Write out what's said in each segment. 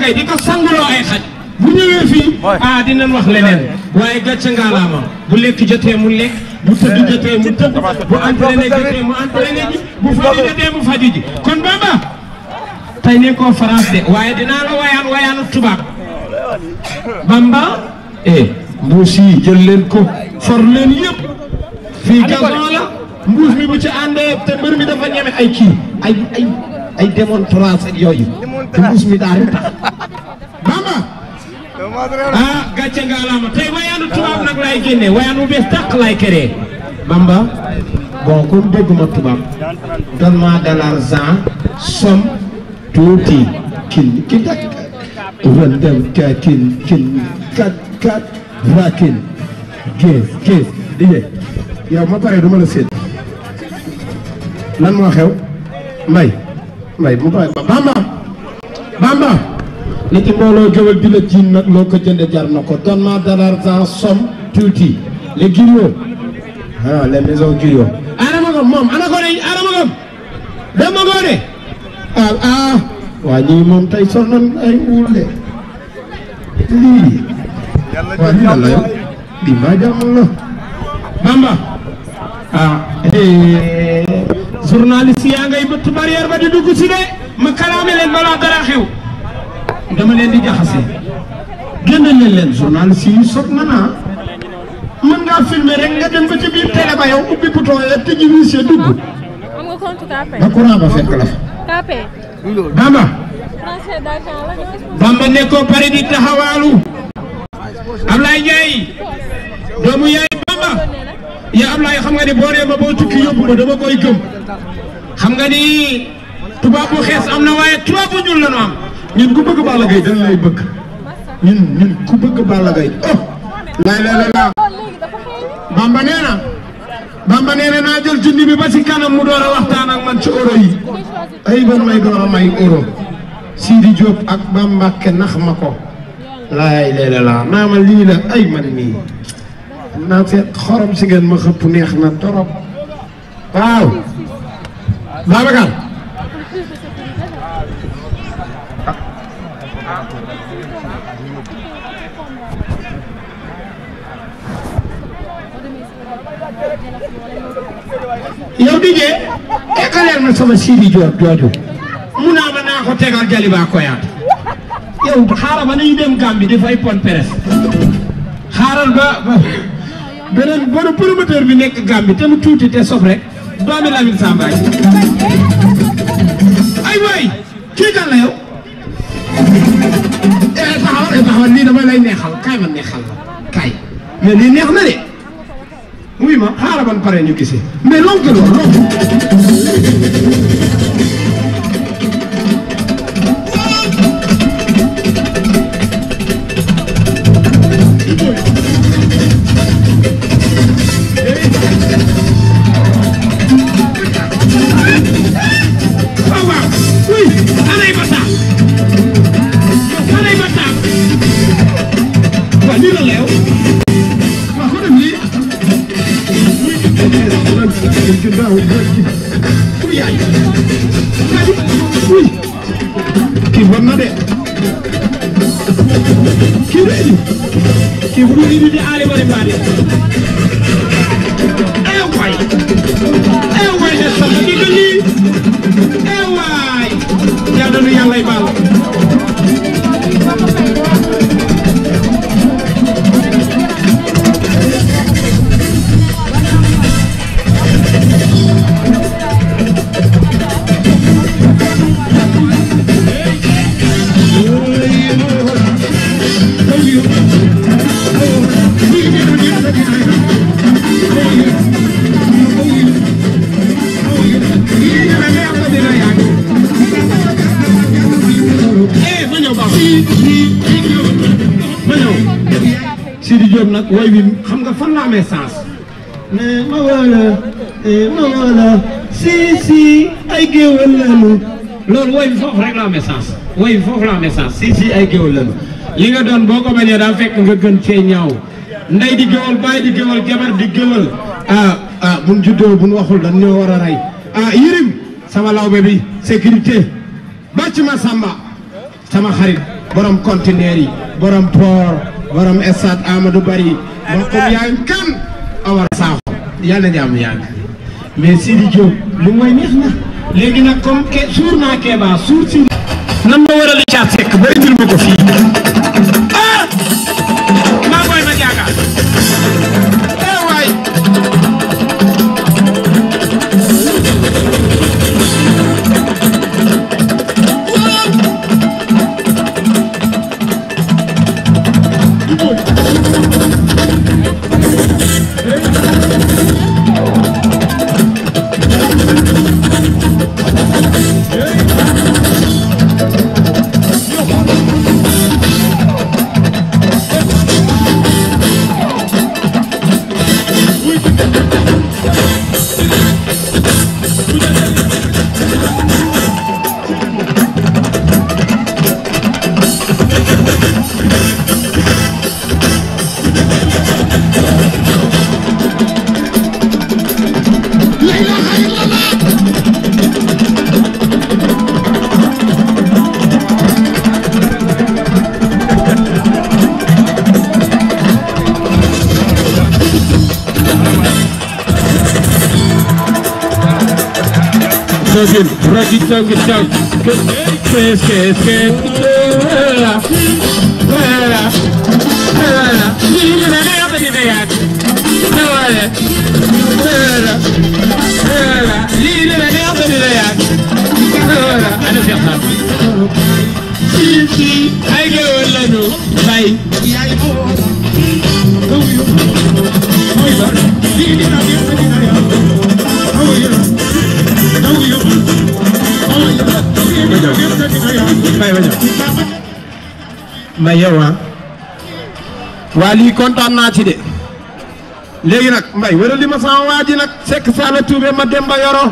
kay di ko sanguloo ay xaj bu ñëwee fii ah dinañ wax leneen waaye gàcce ngaalaama bu bu tëdd jotee mu tëdd bu ah, entraîné jotee mu entraîné ji bu faju jotee mu ji kon bamba tey ne koo France de waaye dinaa la wayaan wayaanu tubaab bamba eh mbuus yi jël leen ko for leen yëpp fii gazon la mbuus mi bu ci àndee te mbër mi dafa ñeme ay kii ay ay démonstration ak yooyu te mbuus mi daal di tax. Bamba. ah gàcce nga alaama tubaab nag laay génne wayaan bu tuuti kil kil dak rendem ka kil kil kat kat rakil gees gees dige yow ma pare duma la seet lan moo xew mbay bamba bamba li ci mbooloo géwél la jiin nag loo jënde jar na ko donne ma de l'argent somme tuuti les griots ah les maisons griots adama moom ana ko de adama gom dama ko de ah, ah. moom tey ay uul lii waa ñu yàlla la bamba ah eh. journaliste yaa ngay bëtt barrière ba di dugg si de ma kalaame leen balaa dara xew dama leen di jaxase génne leen leen journaliste yi sot na naa mën ngaa filmer rek nga dem ba ci biir télé ba yow ubbi bouton yi te jiw si dugg ba courant ba fekk la fa. Bamba. Bamba nekkoo pare di taxawaalu. Ablaye Ndiaye doomu yaay Bamba. yaa Ablaye xam nga ni boo dee boo tukki yóbbu ma dama koy gëm xam nga ni tubaab bu xees am na waaye tubaab bu ñuul la ñu am ñun ku bëgg Balla Gaye dañ lay bëgg oh! Bamba nee na Bamba nee naa jël junni bi ba ci kanam mu door a waxtaan ak man ci euro yi ay ban may door a may euro Sidi Diop ak Bamba nax ma ko lay la la naa ma lii la ay man nii. naa seet xorom si ngeen ma xëpp neex na torop waaw Babacar yow dijee tegaleen ma sama siiri jooju mu naa ma naa ko tegal Jaliba Koyaat yow xaaral ba nañu dem Gàmbi dafay pon presse xaaral ba beneen borom promoteur bi nekk Gambie te mu tuuti te sob rek doomi Lamine Sambaay ay waay kii kan la yow eh taxawal eh lii dama lay neexal kaay ma neexal la kaay mais lii neex na de wuy ma xaaral pare ñu gisee mais lonk loolu lonk si bu ñu invité Aliou Bari Fadi. eh waay. eh waay des na lii. eh waay. yàlla na yàlla lay baal. woy bi foofu rek la amee sens la amee si si ay géwal lañu li nga doon boo ko bañee daa fekk nga gën cee ñaaw ndey di géwal baay di géwal jabar di géwal ah ah buñ bu buñ waxul dañoo war a rey ah Yirim sama lawbe bi sécurité bàcc ma sàmba sama xarit boroom conteneur yi borom port borom stade Amadou Bari mbokkum yaayum kan Omar Sakho yàlla na jàmm yàgg mais Sidi Diop lu mooy neex na léegi nag comme ke suur naa Kéba suur si. nan ma war a li caat sekk ba indil ma ko fii. Ah! She took a shot. Kiss, kiss, kiss, kiss. jaww ma yow ah waa lii kontaan naa ci de léegi nag mbay wara li ma sama waa ji nag sekk saala ma demba yoro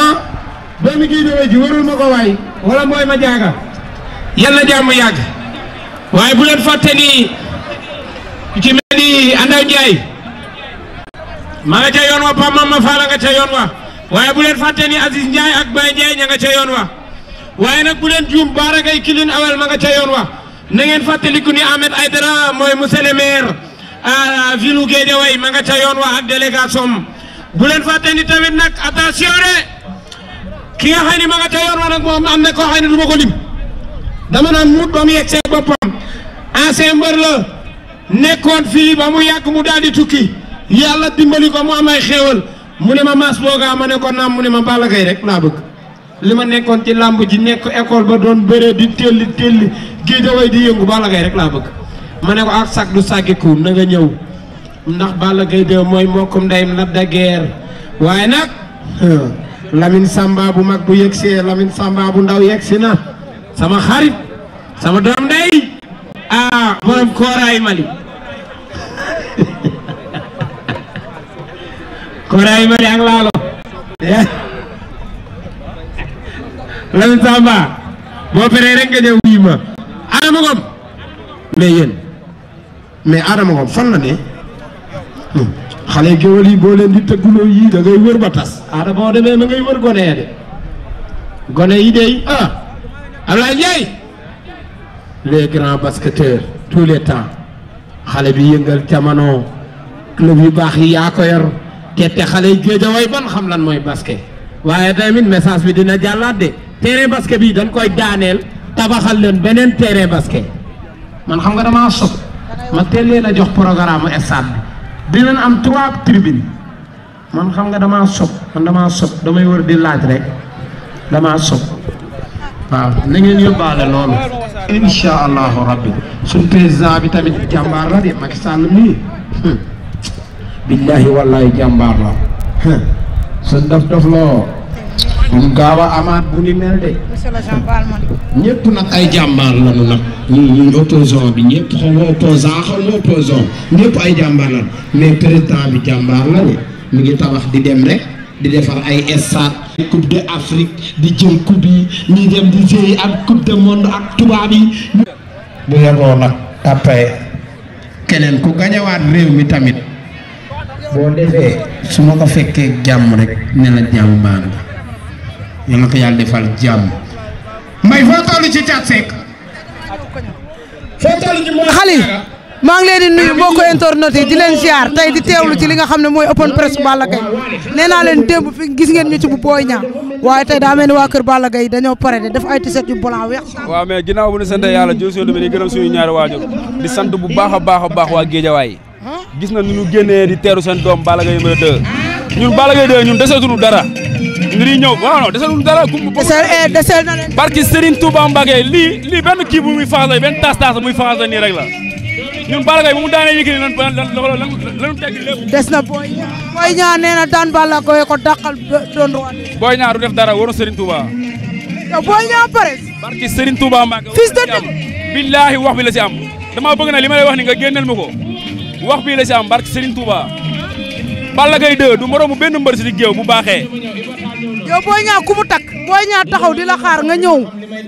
ah doomi kii dowee ji warul ma ko waay wala mooy ma jaaga yal na jàmm yàgg waaye bu leen fàtte ni ci mel ni Andaw nga ca yoon wa Pape Mama Fall nga ca yoon wa waaye bu leen fàtte ni Aziz Ndiaye ak Baye Ndiaye ña yoon wa waaye nag bu leen juum baarakay kilin awal ma nga ca yoon wa na ngeen fàttaliku ni Ahmed Aïdara mooy monsieur le maire à ville Guédiawaye ma nga ca yoon wa ak délégation bu leen fàtte ni tamit nag attention de ki nga xam ne ma nga ca yoon wa nag moom am na koo xam ne ko lim dama naan muut ba mu yegg boppam ancien mbër la nekkoon fii ba mu yàgg mu daal di tukki yàlla dimbali ko mu am ay mu ne ma Mass Boogaa ma ne ko naam mu ne ma Balla Gaye rek laa bëgg li ma nekkoon ci làmb ji nekk école ba doon bëree di telli telli géejaway di yëngu Balla Gaye rek laa bëgg ma ne ko ak ah, sag du sàggiku na ñëw ndax Balla Gaye de mooy mbokkum ndeyam la dageer waaye nag lamin Samba bu mag bu yegsee lamin Samba bu ndaw yegsi na sama xarit sama doom ndey ah borom kooraay Mali koraay mari ang laalo Lamine Samba boo feree rek nga ñëw wii ma Adama Ngom mais yéen mais Adama Ngom fan la ne xale géwél yi boo leen di tëgguloo yii da ngay wër ba tas Adama boo demee na ngay wër gone ya de gone yi dey ah Ablaye Ndiaye les grands basketteurs tous les temps xale bi yëngal jamono club yu baax yi yaa ko yor te xale yi géejawaay ban xam lan mooy basket waaye tamit message bi dina jàllaat de terrain basket bii dañ koy daaneel tabaxal leen beneen terrain basket man xam nga damaa sob ma teel leen a jox programme stade bi dinañ am trois tribune man xam nga damaa sob man damaa sob damay wër di laaj rek damaa sob waaw na ngeen yóbbaale loolu incha allahu rabbi suñ président bi tamit jàmbaar la de Macky Sall mii hmm. billaahi wallaahi jàmbaar la seen daf daf loo duñ gaaw a amaat bu ni mel de ñëpp nag ay jàmbaar lañu nag ñun ñun opposition bi ñëpp xaw ma opposant xaw ma ay jàmbaar lañu mais président bi jàmbaar la ne mu ngi tabax di dem rek di defar ay stade coupe de Afrique di jël coupe ñuy dem di séy ak coupe de monde ak tubaab yi bu yeboo nag après keneen ku gañewaat réew mi tamit boo defee su ma ko fekkee jàmm rek ne la jàmm baax na yal na ko yàlla defal jàmm. mbay foo toll ci Thiat Seck. foo maa ngi leen di nuyu mbokku internet yi di leen ziar tey di teewlu ci li nga xam ne mooy open press Balla Gaye nee naa leen démb fi gis ngeen ñu ci bu Boy Niang waaye tey daa mel ni waa kër Balla Gaye dañoo pare de def ay tiset yu blanc weex. waaw mais ginnaaw bu ñu sant yàlla jërëjëf di gërëm suñu ñaari waajur di sant bu baax a baax a baax waa Géejawaay gis na nu ñu génnee di teeru seen doom Balla Gaye 2 ñun Balla Gaye 2 ñun desetuñu dara ñu ngi ñëw waaw non desetuñu dara. desel eh, desel na leen. barki Serigne Touba Mbacke lii lii benn kii bu muy faxas benn taas taas muy faxas nii rek la ñun Balla Gaye bu mu daanee yëkkati lan lan lan lan teg lépp. des na booy ña booy ko dàqal doon ruwaat. booy ña def dara waroon Serigne Touba. te booy ña pare. barki Serigne Touba Mbacke. fils de dëgg. billaahi wax bi la si am. dama bëgg na li ma wax ni nga génneel ma ko. wax bii la si am barke Serigne Touba Balla Gaye 2 du moroomu benn mbër si di géew bu baaxee. yow booy ku mu takk booy ñaa taxaw di la xaar nga ñëw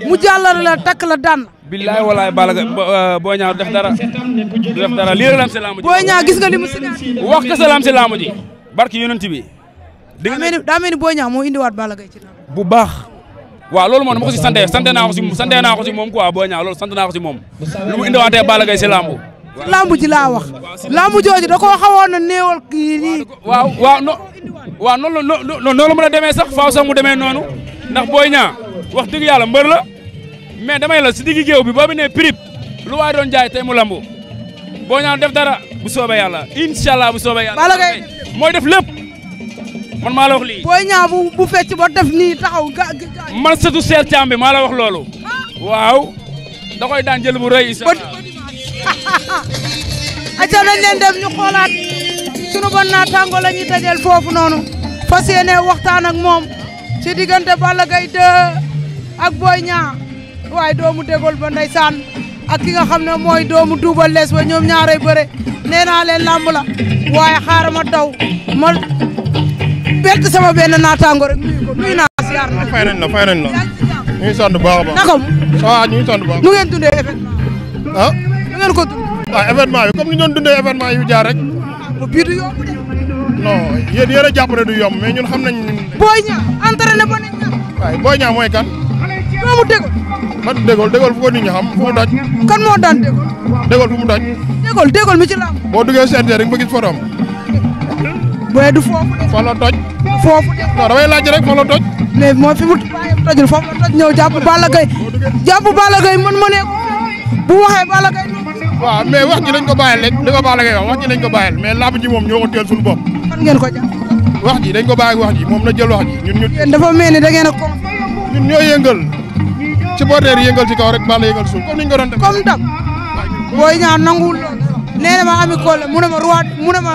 mu jàllale la takk la daan. billaay walaay Balla Gaye booy euh, ñaa du def dara du def dara lii si laamu ji. wax ka sa laam si laamu ji barke yonent bi. daa mel ni daa mel ni booy Balla Gaye ci bu baax. waaw loolu moom dama ko si sante sante naa ko lamb ji laa wax lamb jooju da koo xawoon na néewal kii nii. waaw waaw no waaw noonu la noonu la mën a demee sax faaw sax mu demee noonu ndax booy Niang wax dëgg yàlla mbër la mais damay la si diggi géew bi boo bi ne prip lu waay doon jaay tey mu lambu Boy Niang def dara bu soobe yàlla incha allah bu soobee yàlla. bala ngay mooy def lépp man maa la wax lii. Boy Niang bu bu fecc ba def nii taxaw ga man sëtu Seer Caam bi maa la wax loolu. Ah. waaw da daan jël bu rëy. incha acca nañ leen dem ñu xoolaat sunu bon naataango la ñuy dajal foofu noonu fas yéene waxtaan ak moom ci diggante Balla Gaye 2 ak Boy Niang waaye doomu dégol ba ndeysaan ak ki nga xam ne mooy doomu Double Less ba ñoom ñaaray bëre nee naa leen làmb la ma daw ma bett sama benn naataango rek nuyu ko nuyu naa siyaar na fay nañ la fay nañ la ñu ngi sant bu baax a baax naka mu ñu ngi sant bu nu dundee événement ah. ngeen ko dund. waaw ah, événement bi comme ni ñu doon dundee événement yu jaar rek. bu bii du yomb de. non yéen yéen a jàpp ne du yomb mais ñun xam nañ. booy ñaa entraîné ba ne ñaar. waaye booy ñaa mooy kan. doomu dégol. man dégol dégol fu ko nit ñi xam fu mu daj. kan moo daan dégol. dégol fu mu daj. dégol dégol mi ci laam. boo duggee CNG rek ba gis fotoom. booy du foofu de. fa la toj. foofu de. damay laaj rek fa la toj. mais moo fi mu tojul foofu la toj ñëw jàpp Balla Gaye jàpp Balla Gaye man ma ne bu waxee waaw mais wax ji lañ ko bàyyil rek li ko wax wax ji lañ ko bàyyil mais làmb ji moom ñoo ko teel suñu bopp. fan ngeen ko jàpp. wax ji dañ ko wax ji moom na jël wax ji ñun ñu. yéen dafa mel ni da ngeen a ko. ñun ñoo yëngal supporter yëngal ci kaw rek Balla yëngal suuf comme ni ñu ko doon def. comme dab Boy Niang nanguwul lool na ma ami Kole mu ne ma roi mu ne ma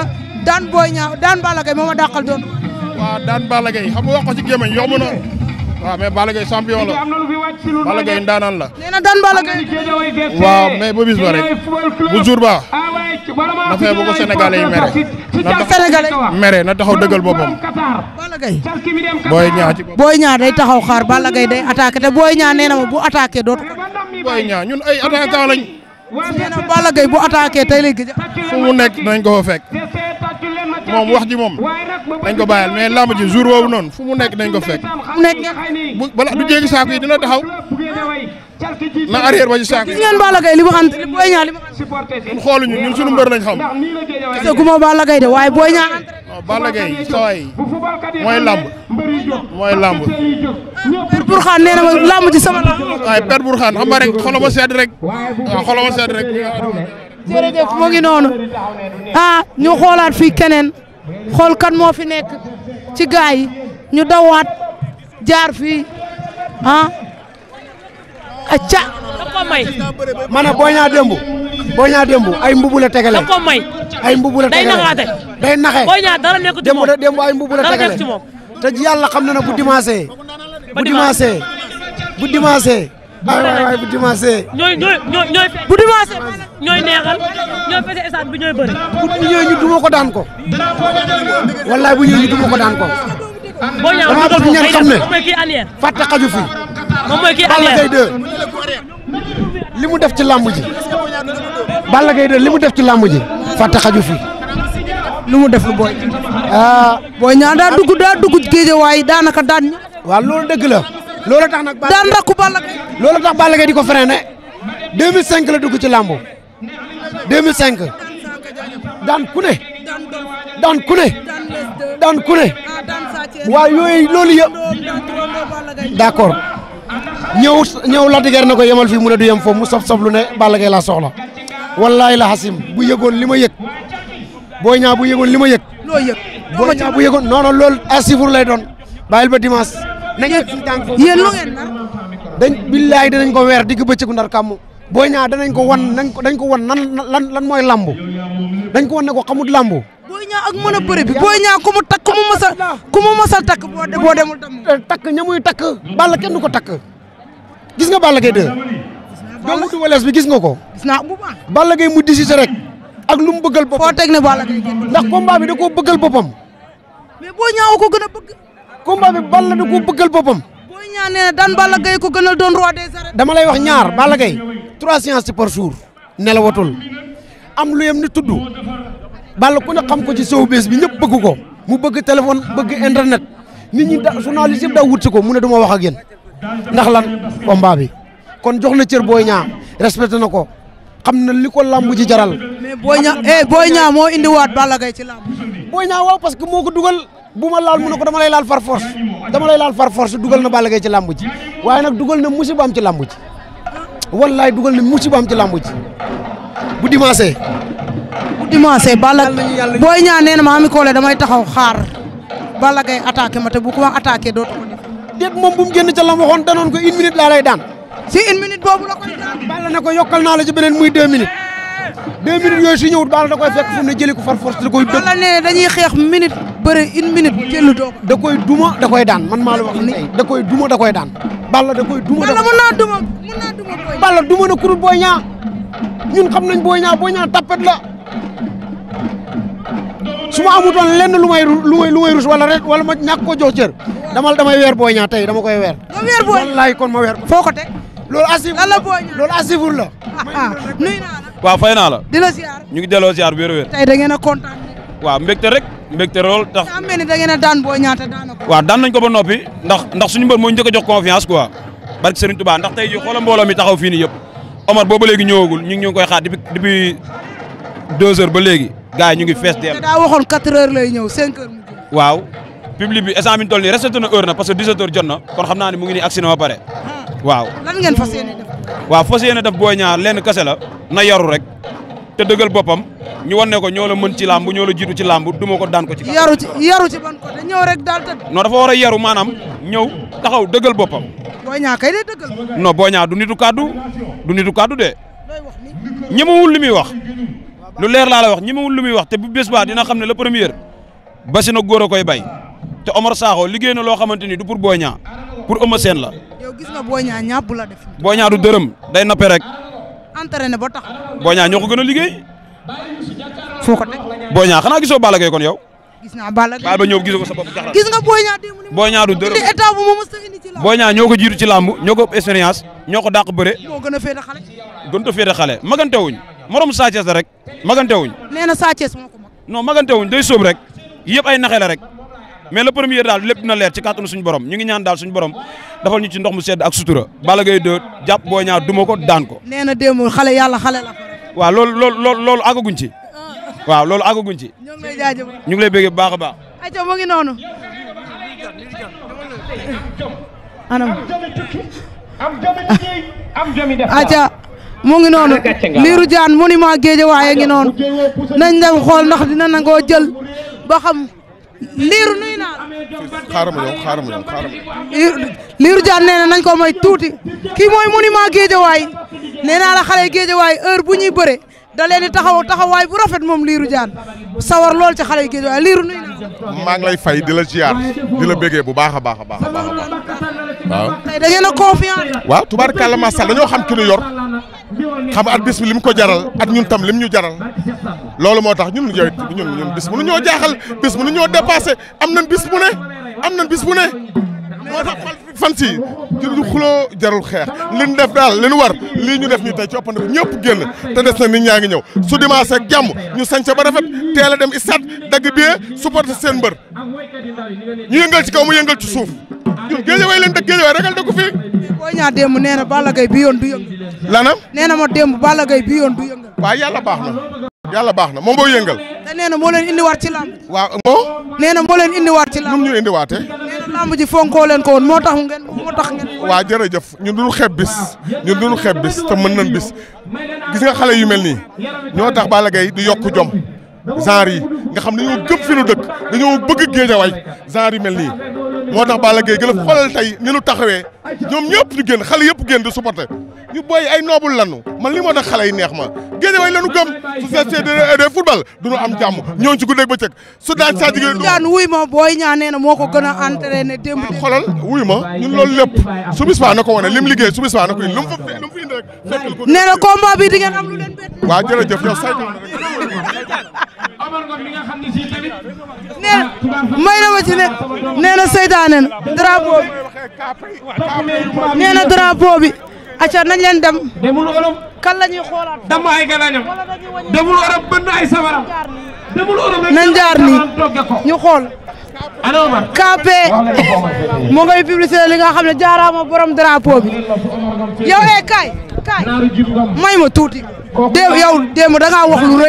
daan Boy Niang daan Balla Gaye moo ma dàqal doon. waaw daan Balla Gaye xam nga wax ko ci gémmiñ yomb na waaw mais Balla Gaye champion la Balla Gaye ndaanaan la. nee na waaw mais ba bis ba rek bu jour ba ah, na fee ba ko Sénégalais mere. na taxaw mere na taxaw dëggal boppam. Balla Gaye. booy ñaa booy ñaa day taxaw xaar Balla Gaye day attaqué te booy ñaa nee na bu attaqué dootu ko. booy ñaa ñun ay attaquant lañ. nee na Balla Gaye bu attaqué tey lay gëj. fu mu nekk nañ ko fek moom wax ji moom dañ ko bàyyal mais lamb ji jour boobu noonu fu mu nekk dañ ko fekk. mu nekk bu balaa du jéggi saako yi dina taxaw na arrière ba ci saako yi. gis ngeen Balla xam li Boy Niang li mu xam. xooluñu ñun sunu mbër lañ xam. gis nga Balla Gaye de waaye Boy Niang. non Balla Gaye sawaay mooy lamb mooy lamb. Père Bourkhane nee na ma lamb ji sama lamb. waaye Père Bourkhane xam nga rek xoloma sedd rek waaw ah, xoloma sedd rek. jërëjëf mo ngi noonu ah ñu xoolaat fii keneen xool kan moo fi nekk ci gaa yi ñu dawaat jaar fi ah a ko may ma ne boo ñaa démb boo ñaa démb ay mbubu la tegale may ay mbubu la tegale day naxaate boo ñaa dara nekk ci moom démb ay mbubu la tegale te yàlla xam na ne bu dimanche bu dimanche bu waaw bu dimanche. ñooy ñooy ñooy bu dimanche ñooy neexal ñooy fese stade bi ñooy bëri. bu ñëwee ñu duma ko daan ko. wallaay bu ñëwee ñu duma ko daan ko. boo ñëwee damaa bëgg ngeen xam ne fàtte xaju fi. moom mooy kii Balla Gaye 2 li mu def ci làmb ji. Balla Gaye 2 li mu def ci làmb ji. fàtte xaju fi. lu mu def lu booy. ah booy ñaan daa dugg daa dugg géejewaay daanaka daan. waaw loolu dëgg la. loolu tax nag. daan rakku Balla Gaye. loolu tax Balla Gaye di ko freiné 2005 la dugg ci làmb 2005 daan ku ne. daan ku ne. daan ku ne. waaw yooyu loolu yëpp. d'accord ñëw ñëw Lac de Guiers na ko yemal fii mu ne du yem foofu mu sob soblu ne Balla Gaye laa soxla. wallaay la xasim bu yëgoon li ma yég booy ñaa bu yëgoon li ma yëg. loo yëg ñaa bu yëgoon non non loolu asifur lay doon bàyyil ba dimanche. nañ ko ci tànk foofu yéen lu nar dañ billaay danañ ko weer digg bëccëgu ndar kàmm booy ñaa danañ ko wan nañ ko dañ ko wan nan lan lan mooy lamb dañ ko wan ne ko xamut lamb booy ñaa ak mën a bi booy ñaa ko mu takk ko mu masal ku mu masal takk boo demul tam eh, takk ñamuy takk balla kenn du ko takk gis nga Balla Gaye 2 doomu du walees bi gis nga ko gis naa bu baax Balla Gaye mu disise rek ak lu mu bëggal boppam foo teg ne Balla ndax combat bi da koo bëggal boppam mais boo ñaaw ko gën a bëgg combat bi Balla da ko bëggal boppam. Boy Niang nee na daan Balla Gaye ko gënal doon roi des dama lay wax ñaar Balla Gaye trois séances par jour nelawatul am lu yem ni tudd Balla ku ne xam ko ci showbiz bi ñëpp bëgg ko mu bëgg téléphone bëgg internet nit ñi da journaliste yëpp da wut si ko mu ne du ma wax ak yéen ndax lan combat bi kon jox na cër booy ñaa respecté na ko. xam na li ko làmb ji jaral. mais Boy Niang eh Boy Niang moo indiwaat Balla Gaye ci làmb. Boy Niang waaw parce que moo ko dugal bu ma laal mu na ko dama lay laal far force dama lay laal far dugal na Balla Gaye ci làmb ji waaye nag dugal na musiba am ci làmb ji wallaay dugal na musiba mu ci làmb ji bu dimanche. bu dimanche Balla Boy Niang nee na ma ami koole damay taxaw xaar Balla Gaye attaqué ma te bu ko attaqué doo ko def. déet moom bu mu génn ca la ko laa lay daan. si une minute boobu la koy daan. Balla na ko yokkal naa la ci beneen muy deux minutes deux minutes yooyu su ñëwut Balla da koy fekk fu mu ne jëli ko far force da koy. dëgg Balla ne dañuy xeex minute bëre une minute jëlu doo da koy duma da koy daan man maa la wax nii da koy duma da koy daan. Balla da koy duma da koy mën naa duma mën naa duma booy. Balla duma na kurut booy ñaa ñun xam nañ booy ñaa booy ñaa tapet la. su ma amutoon lenn lu may lu may lu may rus wala rek wala ma ñàkk ko jox cër damal damay weer booy ñaa tey dama koy weer. ma weer booy wallaay kon ma weer ko. foo ko teg. loolu asifur la loolu asifur la. la. waaw fay naa la. di la ziar. ñu ngi delloo ziar wér wér. tey da ngeen a kontaan. waaw mbégte rek mbégte lool tax. am mel a daan boo ñaata daan na ko. waaw daan nañ ko ba noppi ndax ndax suñu mbër moo njëkk jox confiance quoi barke Serigne Touba ndax tey jii xoolal mbooloo mi taxaw fii nii yëpp Omar boobu léegi ñëwagul ñu ngi ñu ngi koy xaar depuis depuis deux heures ba léegi gars ñu ngi fees deel. daa waxoon quatre heures lay ñëw cinq heures mu waaw ñu toll nii heures jot na kon xam naa ne mu ngi ni agsi na ba pare waaw lan ngeen fas yéene def. waaw fas yéene def Boy Niang lenn kase la na yaru rek te dëggal boppam ñu wan ko ñoo la mën ci làmb ñoo la jiitu ci làmb duma ko daan ko ci. yaru ci yaru ci ban côté ñëw rek daal tëdd. non dafa war a yaru maanaam ñëw taxaw dëgël boppam. Boy Niang kay de dëggal. non Boy Niang du nitu kaddu du nitu kaddu de ñemewul li muy wax lu leer laa la wax ñemewul li muy wax te bu bés baa dina xam ne le premier basi na góor koy bay te Omar Sakho liggéey na loo xamante ni du pour booy ñaa pour Eumeu Sène la. yow gis nga Boy Niang ñàpp la def. Boy Niang du dërëm day nappe rek. entraîné ba tax. Boy Niang ñoo ko gën a liggéey. foo ko teg. Boy Niang xanaa gisoo Balla Gaye kon yow. gis naa Balla Gaye ba gisoo ko sa bopp jaxal. gis nga Boy Niang démb ni Boy Niang du dërëm état bu ci làmb. Boy ñoo ko jiitu ci ñoo ko ëpp expérience ñoo ko dàq bëre. gën a féete xale. gën a féete magante wuñ morom Sa la rek magantewuñ. nee na Sa Thiès moo ko mag. day sóob rek yëpp ay naxe rek mais le premier daal lépp dina leer ci kàttanu suñu borom ñu ngi ñaan daal suñu borom dafal ñu ci ndox mu sedd ak sutura Balla Gaye 2 jàpp Boy Niang duma ko daan ko nee na démb xale yàlla xale la waaw lool lool loolu loolu àggaguñ ci waaw loolu àggaguñ ci ñu ngi lay jaajëf ñu baax a baax ayca mu ngi noonu anam ayca mu ngi noonu Lirou Diane noonu nañ dem xool ndax dina nangoo jël ba liiru nuyu naa la. xaaral ma ñëw xaaral ma ñëw xaaral ma liiru jaan nee nañ ko may tuuti kii mooy monument géejawaay nee naa la xale géejawaay heure bu ñuy bëre da leen di taxaw taxawaay bu rafet moom liiru jaan sawar loolu ci xale géejawaay liiru nuyu naa maa ngi lay fay di la ziar di la bégee bu baax a baax a baax a baax waaw. tey da ngeen a confiant. waaw tubaarkàlla macha allah dañoo xam ki yor. xam at bis bi mu ko jaral at ñun tam lim ñu jaral loolu moo tax ñun yooyu ñun ñun bis mënu ñoo jaaxal bis mënu ñoo dépassé am nañ bis bu ne am nañ bis bu ne moo tax fan si jarul xuloo jarul xeex li ñu def daal li nu war lii ñu def nii tey ci ëppande bi ñëpp génn te des na nit ñaa ngi ñëw su dimanche ak jàmm ñu sañse ba rafet teel a dem stade dagg bie supporter seen mbër ñu yëngal ci kaw mu yëngal ci suuf ñun géejawaay leen dëkk géejawaay ragal dëkku fii. boo ñaa démb nee na Balla Gaye bi yoon du yëngal. lanam nee na ma démb Balla Gaye bi yoon du yëngal. waaw yàlla baax na. yàlla baax na moom boo yëngal. te nee na moo leen indiwaat ci làmb. waa moo. nee na moo leen indiwaat ci làmb. nu ñu indiwaatee. nee na làmb ji fonkoo leen ko woon moo tax ngeen moo tax ngeen. waaw jërëjëf ñun dul xeeb bis ñun dul xeeb bis te mën nañ bis gis nga xale yu mel nii ñoo tax Balla Gaye du yokk jom. genre yi nga xam dañoo gëm fi nu dëkk dañoo bëgg géejawaay genre yu mel nii moo tax Balla Gaye gën a xoolal tey ni nu taxawee ñoom ñëpp ñu génn xale yëpp génn di supporter ñu booy ay noobul lanu man li moo tax xale yi neex ma géejawaay lanu gëm su seet de football du nu am jàmm ñooñu ci guddeeg bëccëg su daan saa jigéen daan wuy ma booy ñaa nee moo ko gën a entraîné démb ah, xoolal wuy ma ñun loolu lépp su bis baa na ko wane lim liggéey su bis baa na ko lu mu fa nee may na ma ci ne nee na seytaane na drapeau bi nee na drapeau bi acca nañ leen dem demul kan la ñuy xoolaat dama ay galañam demul Europe bënn ay sabaram jaar nii ñu xool KP mu ngay publicité li nga xam ne jaaraama borom drapeau bi yow eh kaay may ma tuuti déem yow déem da ngaa wax lu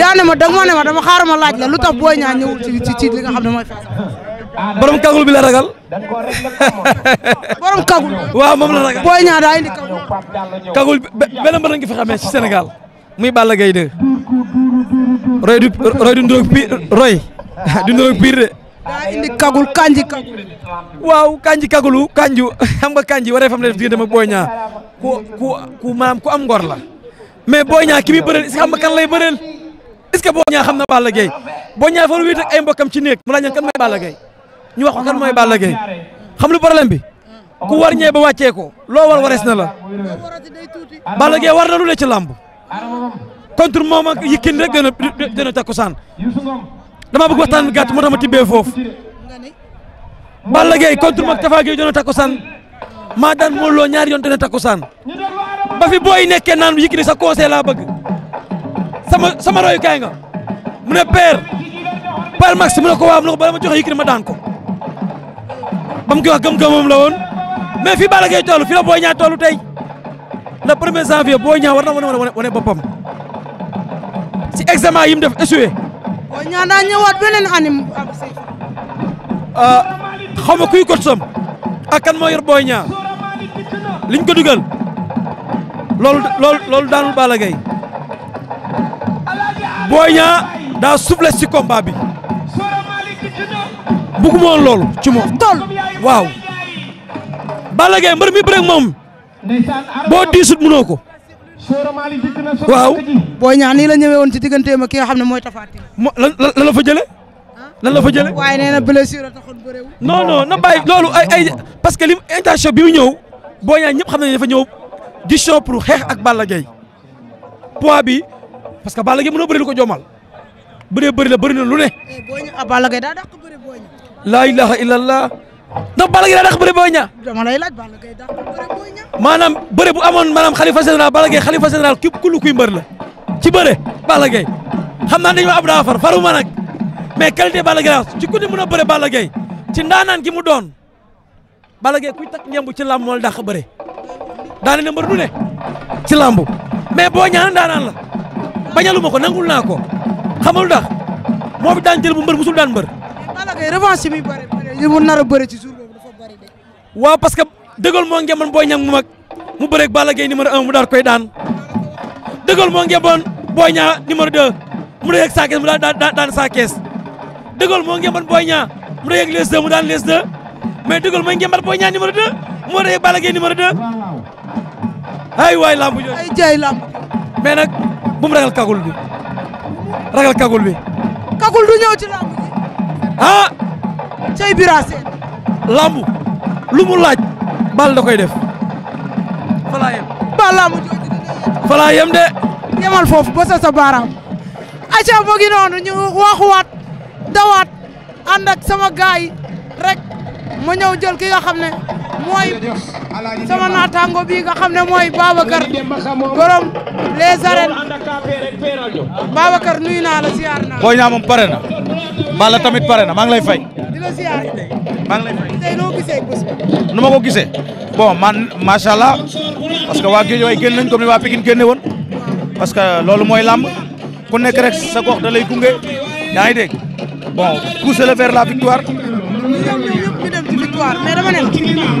yaa ne ma da ma ne ma dama xaar ma laaj la lu tax booy ñaa ñëwul ci ci li nga xam ne mooy fees. borom kagul bi la ragal. borom kagul. waaw moom la ragal booy ñaa daa indi kagul. kagul benn mbër nga fi xamee ci Sénégal muy Balla Gaye 2 roy du roy du ndóog pi roy. dund na piir de. daa indi kagul kanji kagul. waaw kanji kagulu kanju xam nga kanji waree fam ne def diggante ak Boy Niang ku ku maam ku am ngor la mais Boy Niang ki muy bëreel est-ce kan lay bëreel est-ce que xam na Balla Gaye Boy Niang fa wéet ak ay mbokkam ci néeg mu laaj kan mooy Balla Gaye ñu wax ko kan mooy Balla Gaye xam lu problème bi ku war ñee ba wàccee ko loo war warees na la Balla Gaye war na lu ne ci làmb contre moom ak Yékini rek dana dana takkusaan dama bëgg waxtaan bi gàtt moo tax ma tibbee foofu Balla Gaye contre mag ma Gueye doon na takkusaan maa daan Modou Lo ñaari yoon doon na takkusaan ba fi booy nekkee naan Yékini sa conseil laa bëgg sama sama royukaay nga mu ne père père Max mu ne ko waaw mu ne ko bala ma joxe Yékini ma daan ko ba mu koy wax gëm-gëmam la woon mais fii Balla Gaye toll fii la Boy Niang toll tey le premier janvier Boy Niang war na wane wane wane boppam si examen yi mu def échoué. oo ñaan daa ñëwaat beneen anim ah, xaw ma kuy kot sam ak kan moo yor booy liñ ko dugal loolu loolu loolu daanul Balla Gaye daa souplesse ci combat bi bugguma loolu ci moom tool waaw Balla Gaye mbër mi bëre moom boo diisut mënoo ko waaw Boy Niang nii la ñëwee woon ci digganteem ak ki nga xam ne mooy Tapha Tine. mo lan lan la fa jëlee. lan la fa jëlee waaye nee na blessure taxoon bëre wu. non non na bàyyi loolu ay ay parce que li intention bi mu ñëw Boy Niang ñëpp xam nañu dafa ñëw décision pour xeex ak Balla Gaye bi parce que Balla Gaye mënoo bëri lu ko joomal bëree bëri la bëri na lu ne. Eh, Boy Niang ah, daa dàq bëri Boy Niang. laa ilaha illallah. ndax Balla Gaye daa dàq bëre Boy Niang. laaj Balla Gaye dàq bëre Boy Niang. bu amoon maanaam xalifa général Balla Gaye xalifa général képp ku lu kuy mbër la ci bëre Balla Gaye xam naa dañu ma ab daa far faruma nag mais qualité Balla Gaye ci ku di mën a bëre Balla Gaye ci ndaanaan gi mu doon Balla Gaye kuy takk njëmb ci làmb mool dàq bëre daane na mbër du ne ci làmb mais Boy Niang ndaanaan la bañaluma ko nangul naa ko xamul ndax moo fi daan jël bu mbër musul daan mbër. li mu nar a bëri ci jour boobu dafa bëri que dëggal moo ngeemoon Boy Niang mu mag mu bëreeg Balla Gaye numéro 1 mu daal koy daan dëggal moo ngeemoon Boy Niang numéro mu doon yegg saa mu daal daan daan saa kees moo ngeemoon Boy mu doon yegg les 2 mu daan les 2 mais dëggal moo ngeemoon Boy Niang numéro mu doon yegg Balla Gaye numéro 2 ay waay lambu jooju ay bu mu ragal kagul bi ragal kagul bi. kagul du ñëw ci lambu cey Bira Sène lu mu laaj bal da koy def fa laa yem jooju fa yemal foofu ba sa sa baaraam aca bo ñu waxuwaat dawaat ànd sama gaay rek ma ñëw jël ki nga xam ne mooy sama naataango bii nga xam ne mooy Babacar borom les arènes Babacar nuyu naa la siyaar naa. booy naa moom pare na la tamit pare na maa ngi lay fay. di la siyaar tey. maa ngi lay fay nu ma ko gisee bon man macha allah parce que waa Guèye waay génn nañ comme ni waa Pikine génne woon parce que loolu mooy làmb ku nekk rek sa gox da lay gunge yaa ngi dégg bon pousser le vers la victoire mais dama ne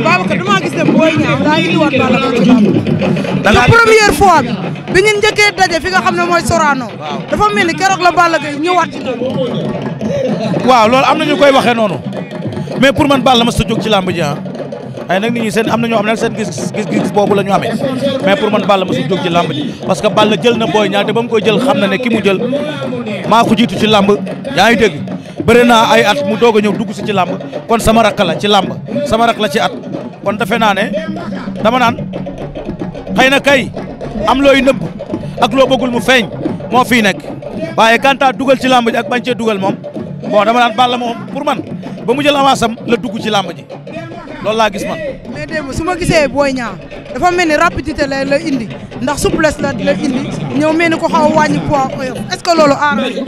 Babacar damaa gis ne Boy Niang daa indiwaat Balla Gaye ci làmb bi première fois bi bi ngeen njëkkee daje fi nga xam ne mooy Sorano dafa mel ni keroog la Balla Gaye ñëwaat ci waaw loolu am na ñu koy waxee noonu mais pour man Balla ma sa jóg ci làmb ji ah. ay nag nit ñi seen am na ñoo xam ne seen gis gis boobu la ñu amee mais pour man Balla mosul jóg ci làmb ji parce que Balla jël na Boy Niang te koy jël xam na ne ki mu jël maa ko jiitu ci làmb yaa ngi dégg bëri naa ay at mu doog a ñëw dugg si ci làmb kon sama rakk la ci làmb sama rakk la ci at kon defe naa ne dama naan xëy na kay am looy nëbb ak loo mu feeñ moo fii nekk waaye kanta dugal ci làmb ji ak bañ cee dugal moom bon dama naan Balla moom pour man ba mu jël avance am la dugg ci làmb ji loolu laa gis ma mais su ma gisee booy Niang dafa mel ni rapidité la la indi ndax souplesse la la indi ñëw mel ni ko xaw a wàññi est-ce que loolu arrangé.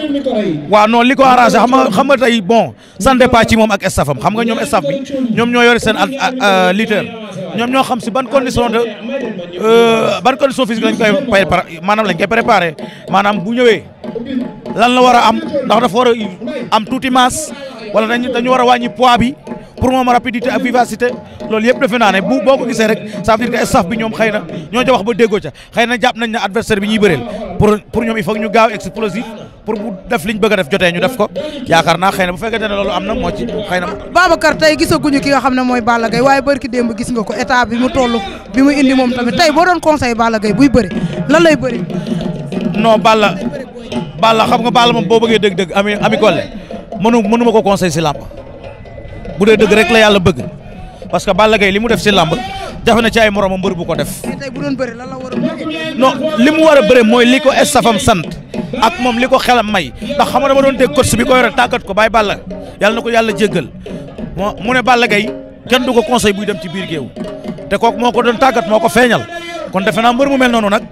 waa noo li ko arrangé xam nga xam nga tey bon ça dépend ci moom ak staffam xam nga ñoom staff bi ñoom ñoo yore seen at euh, lutteur ñoom ñoo xam si ban condition de euh, ban condition physique lañ koy préparé maanaam lañ koy préparé maanaam bu ñëwee lan la war a am ndax dafa war a am tuuti masse wala dañu dañu war a wàññi poids bi. pour moom rapidité ak vivacité loolu yëpp defe naa ne bu boo ko gisee rek ça veut dire que bi ñoom xëy na ñoo ca wax ba déggoo ca xëy na jàpp nañ ne adversaire bi ñu bëreel pour pour ñoom il faut ñu gaaw explosif pour bu def liñ bëgg a def jotee ñu def ko yaakaar naa xëy na bu fekkente ne loolu am na moo ci xëy na. Babacar tey gisaguñu ki nga xam ne mooy Balla Gaye waaye barki démb gis nga ko état bi mu toll bi mu indi moom tamit tey boo doon conseil Balla Gaye buy bëri lan lay bëri. non Balla Balla xam nga Balla moom boo bëggee dëgg-dëgg ami ami Collé mënu ko conseil si làmb bu dee dëgg rek la yàlla bëgg parce que Balla li mu def si làmb jafe na ci ay moromam mbër bu ko def. tey li mu war a bëri mooy li ko estafam sant ak moom li ko xelam may ndax xam nga dama doon dégg coach bi ko yore tàggat ko bàyyi Balla yàlla na ko yàlla jéggal moo mu ne Balla Gaye kenn du ko conseil buy dem ci biir géew te kooku moo ko doon tàggat moo ko feeñal kon defe naa mbër mu mel noonu nag.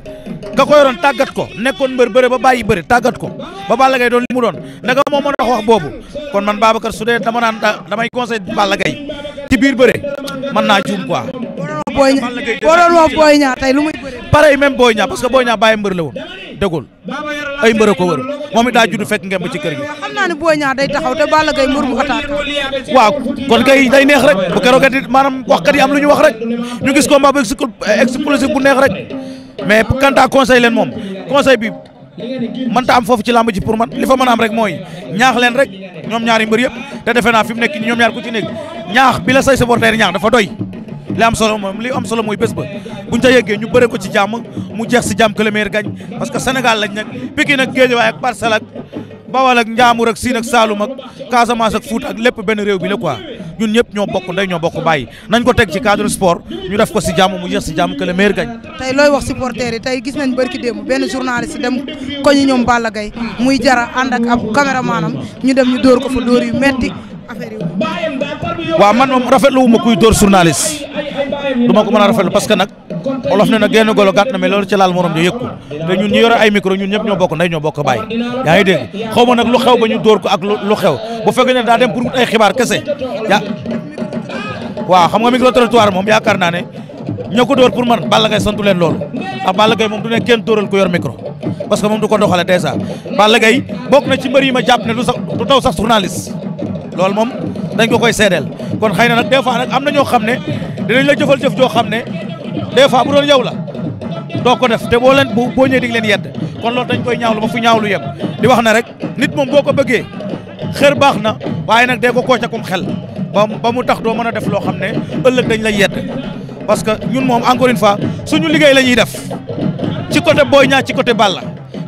ka ko yoroon tàggat ko nekkoon mbër bëre ba bàyyi bëre tàggat ko ba Balla Gaye doon li mu doon naka moo mën a wax wax boobu kon man Babacar su dee dama naan damay conseil Balla Gaye ci biir bëre mën naa juum quoi. boo doon wax Boy Niang tey lu muy bëre. pareil même Boy parce que Boy Niang bàyyi mbër la woon dëggul ay mbër ko wër moom it daa judd fekk ngeen ci kër gi. xam naa ne Boy Niang day taxaw te Balla Gaye mbër mu attaque. waaw kon kay day neex rek bu keroog am lu ñu wax rek ñu gis combat bu explosif mais quant à conseil leen moom conseil bi man am foofu ci làmb ji pour man li fa mën a am rek mooy ñaax leen rek ñoom ñaari mbër yëpp te defe naa fi mu nekk nii ñoom ñaar ku ci nekk ñaax bi la say supporter ñaax dafa doy li am solo moom li am solo mooy bés ba buñ ca yeggee ñu bëre ko ci jàmm mu jeex si jàmm que gañ parce que Sénégal lañ nag Pikine ak Guédiawaye ak Parcelles ak Bawal ak Njaambur ak Siin ak Saalum ak Casamance ak Fuuta ak lépp benn réew bi la quoi ñun ñëpp ñoo bokk ndey ñoo bokk bàyyi nañ ko teg ci cadre sport ñu def ko si jàmm mu jeex si jàmm que le meilleur tey looy wax si supporters yi tey gis nañ barki démb benn journaliste dem ko ñu ñoom Balla Gaye muy jara ànd ak ab caméramanam ñu dem ñu dóor ko fa dóor yu metti affaire yi. waaw man moom rafet wu ma kuy dóor journaliste du ma ko mën a rafetlu parce que nag. olof ne na genn golo gàtt na mais loolu ci laal morom ñu yëg ko te ñun ñu yore ay micro ñun ñëpp ñoo bokk nday ñoo bokk bàyyi yaa ngi dégg xaw ma nag lu xew ba ñu dóor ko ak lu xew bu fekkee ne daa dem pour wut ay xibaar kese ya waaw xam nga micro trottoir moom yaakaar naa ne ñoo ko dóor pour man Balla Gaye santu leen loolu ndax Balla Gaye moom du ne kenn dóoral ko yor micro parce que moom du ko doxale dèjà Balla Gaye bokk na ci mbër ma jàpp ne du sax du taw sax loolu moom dañ ko koy seedeel kon xëy na nag des am na ñoo xam ne dinañ la jëfal jëf joo xam ne des fois bu doon yow la doo ko def te boo leen boo ñëwee di leen yedd kon lool dañ koy ñaawlu ba fu ñaawlu yem di wax na rek nit moom boo ko bëggee xër baax na waaye nag dee ko kooca kum xel ba ba mu tax doo mën a def loo xam ne ëllëg dañ lay yedd parce que ñun moom encore une suñu liggéey la ñuy def ci côté Boy ñaa ci côté Balla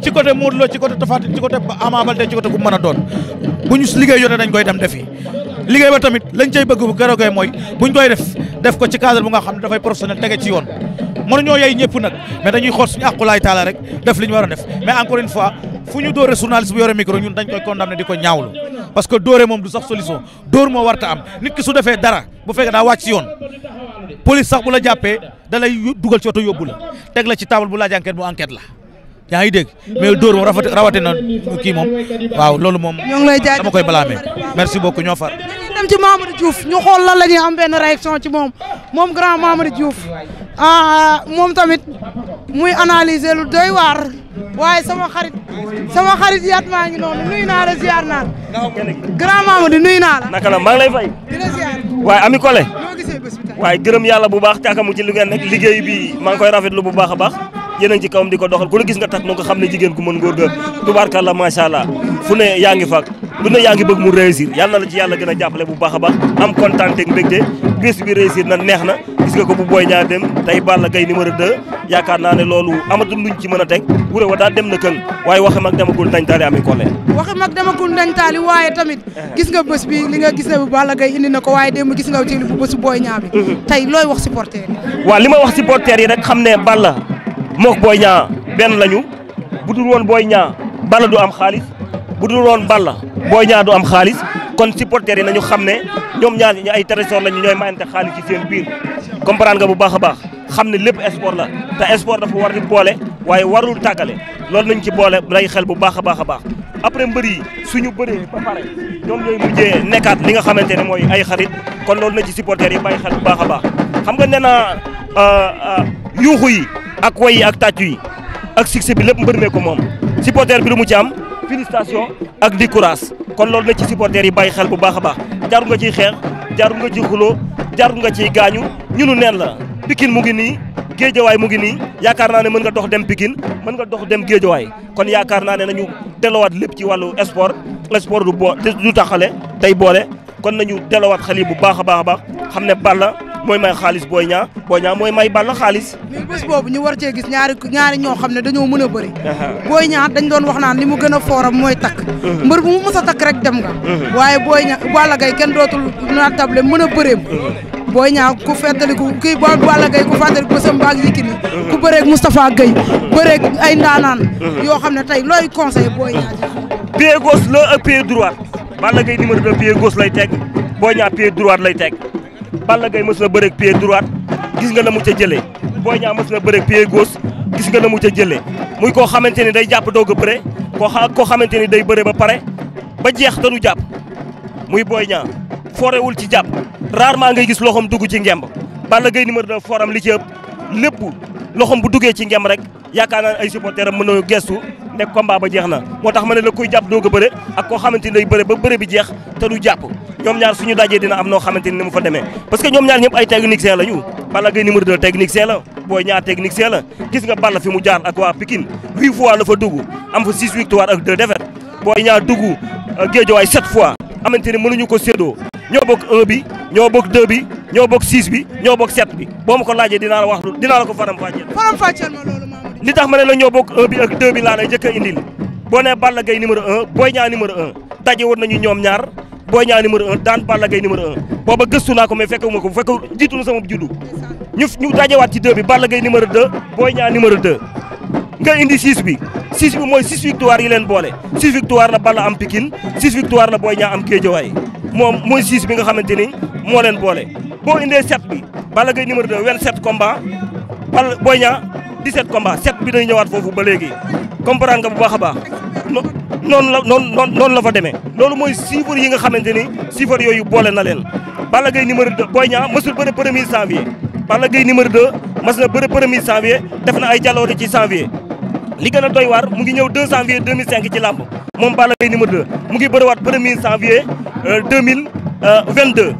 ci côté Modou Lo ci côté Tapha Tine ci côté Ama Baldé ci côté ku mën a doon bu ñu liggéey jotee dañ koy dem defi liggéey ba tamit lañ cay bëgg bu keroogee mooy buñ koy def def ko ci cadre bu nga xam ne dafay professionnel tege ci yoon mënuñoo yey ñëpp nag mais dañuy xool suñu àqulaay taala rek def li ñu war a def mais encore une fois fu ñu dóore journaliste bu yore micro ñun dañ koy condamné di ko ñaawlu parce que dóore moom du sax solution dóor moo warta am nit ki su defee dara bu fekkee daa wàcc ci yoon police sax bu la jàppee da dugal ci oto yóbbu la ci table bu laaj enquête bu enquête la yaa ngi dégg dóor moom rafet rawatina kii moom waaw loolu moom. ñoo ngi lay jaajëf koy balaame merci beaucoup ñoo far. dañuy dem ci Mamadou Diouf ñu xool lan la ñuy am benn réaction ci moom moom grand Mamadou Diouf ah moom tamit muy analyser lu doy waar waaye sama xarit sama xarit yaat maa ngi noonu nuyu naa la ziar grand Mamadou nuyu naa la. naka la maa ngi lay fay. di la ziar. waaye ami Kole. waaye gërëm yàlla bu baax caakamu ci lu ngeen nekk liggéey bi maa ngi koy rafetlu bu baax a baax. yéen a ngi di ko doxal ku la gis nga takk na ko xam ne jigéen ku mën ngóor ga tubaarkàlla macha allah fu ne yaa ngi fàq lu ne yaa ngi bëgg mu réussir yàlla na la ci yàlla gën a jàppale bu baax a baax am kontaan ak mbégte bis bi réussir na neex na gis nga ko bu Boy Niang dem tey Balla Gaye numéro 2 yaakaar naa ne loolu amatu luñ ci mën a teg wuré wa daa dem na kën waaye waxe mag demagul dañ taali ami kole waxe mag demagul dañ taali waaye tamit gis nga bés bi li nga gis ne bu Balla la indi na ko waaye démb gis nga ci bu bésu Boy Niang bi mhm. tey looy wax li ma wax supporter yi rek xam ne Balla mook booy ñaa benn lañu bu dul woon booy ñaa balla du am xaalis bu dul woon balla booy ñaa du am xaalis kon supporters yi nañu xam ne ñoom ñaar ñu ay trésor lañu ñooy mayante xaalis ci seen biir comprendre nga bu baax a baax xam ne lépp sport la te sport dafa war di boole waaye war warul tàggale loolu nañ ci boole lay xel bu baax a baax a baax après mbër yi suñu bëree ba pare ñoom ñooy nga xamante ne mooy ay xarit kon loolu na ci supporters yi bàyyi xel bu baax a baax xam nga nee naa euh, euh, yuuxu yi ak way yi ak tàccu yi ak succès bi lépp mbër moom supporter bi lu mu ci am félicitation ak di courage kon loolu na ci supporter yi bàyyi xel bu baax a baax jaru nga ciy xeex jaru nga ciy xuloo jaru nga ci gaañu ñu nen la Pikine mu ngi nii géejawaay mu ngi nii yaakaar naa ne mën nga dox dem Pikine mën nga dox dem géejawaay kon yaakaar naa ne nañu dellowaat lépp ci wàllu sport sport du boo du taxale day boole kon nañu delawaat xel yi bu baax a baax a mooy may xaalis booy ñaa Boy Niang mooy may Balla xaalis mais bés boobu ñu war cee gis ñaari ñaari ñoo xam ne dañoo mën a bëri Boy Niang dañ doon wax naan ni mu gën a fooram mooy takk mhm. mbër bu mu mës a takk rek dem nga mhm. waaye Boy Niang Balla Gaye kenn dootul naa table mën a bëreem mhm. booy ñaa ku fàttaliku kii bo a Gaye ku fàttaliku ba sam baag Yékini ku bëreeg Moustapha Gueye bëreeg ay ndaanaan yoo xam ne tey looy conseil Boy Niang pied gauche la ak a droit Balla Gaye numéro 2 pied gauche lay lay teg Balla Gaye mës na bëreeg pied droite gis nga na mu ca jëlee Boy Niang mës na bëreeg pied gauche gis nga na mu ca jëlee muy koo xamante ni day jàpp doog a bëre koo koo xamante ni day bëre ba pare ba jeex te du jàpp muy booy Niang foorewul ci jàpp rarement ngay gis loxoom dugg ci ngemb Balla gay numéro 2 fooram li ci ëpp lépp loxoom bu duggee ci ngemb rek yaakaar naa ay supporteram mën na gestu ne combat ba jeex na moo tax ma ne la kuy jàpp doog a ak koo xamante ni ba bëre jeex te du jàpp ñoom ñaar suñu dajee dina am noo xamante ni mu fa demee parce que ñoom ñaar ñëpp ay technicien la ñu Balla Gaye numéro 2 technicien la Boy Niang technicien la gis nga Balla fi mu jaar ak waa Pikine huit fois la fa dugg am fa six victoire ak deux défaites Boy Niang dugg euh, Guédiawaye sept fois xamante mënuñu ko séddoo ñoo bokk 1 bi ñoo bokk 2 li tax ma ne la ñoo bokk 1 a indil boo nee Balla Gaye numéro 1 Boy Niang numéro 1 daje woon nañu ñoom ñaar boo Niang numéro 1 daan Balla Gaye numéro 1 booba gëstu naa ko mais fekkuma ko bu fekk jiitu na sama juddu ñu ñu dajewaat ci 2 bi Balla Gaye numéro 2 Boy Niang numéro 2 nga indi 6 bi 6 bi mooy 6 victoire yi leen boole 6 victoire la Balla am Pikine 6 victoire la Boy Niang am Guédiawaye moom mooy 6 bi nga xamante moo leen boole boo indee 7 bi Balla Gaye numéro 17 combats 7 bi day ñëwaat foofu ba léegi comprendre nga bu baax a baax noonu la noonu noonu la fa demee loolu mooy chiffres yi nga xamante ni chiffres yooyu boole na leen Balla Gaye numéro 2 Boy Niang mësul bëre premier janvier Balla Gaye numéro 2 mas na bëre def na ay jaloore ci janvier li gën a doy waar mu ngi ñëw 2 janvier 2005 ci làmb moom Balla Gaye numéro 2 mu ngi bëriwaat premier janvier 2022 euh, euh,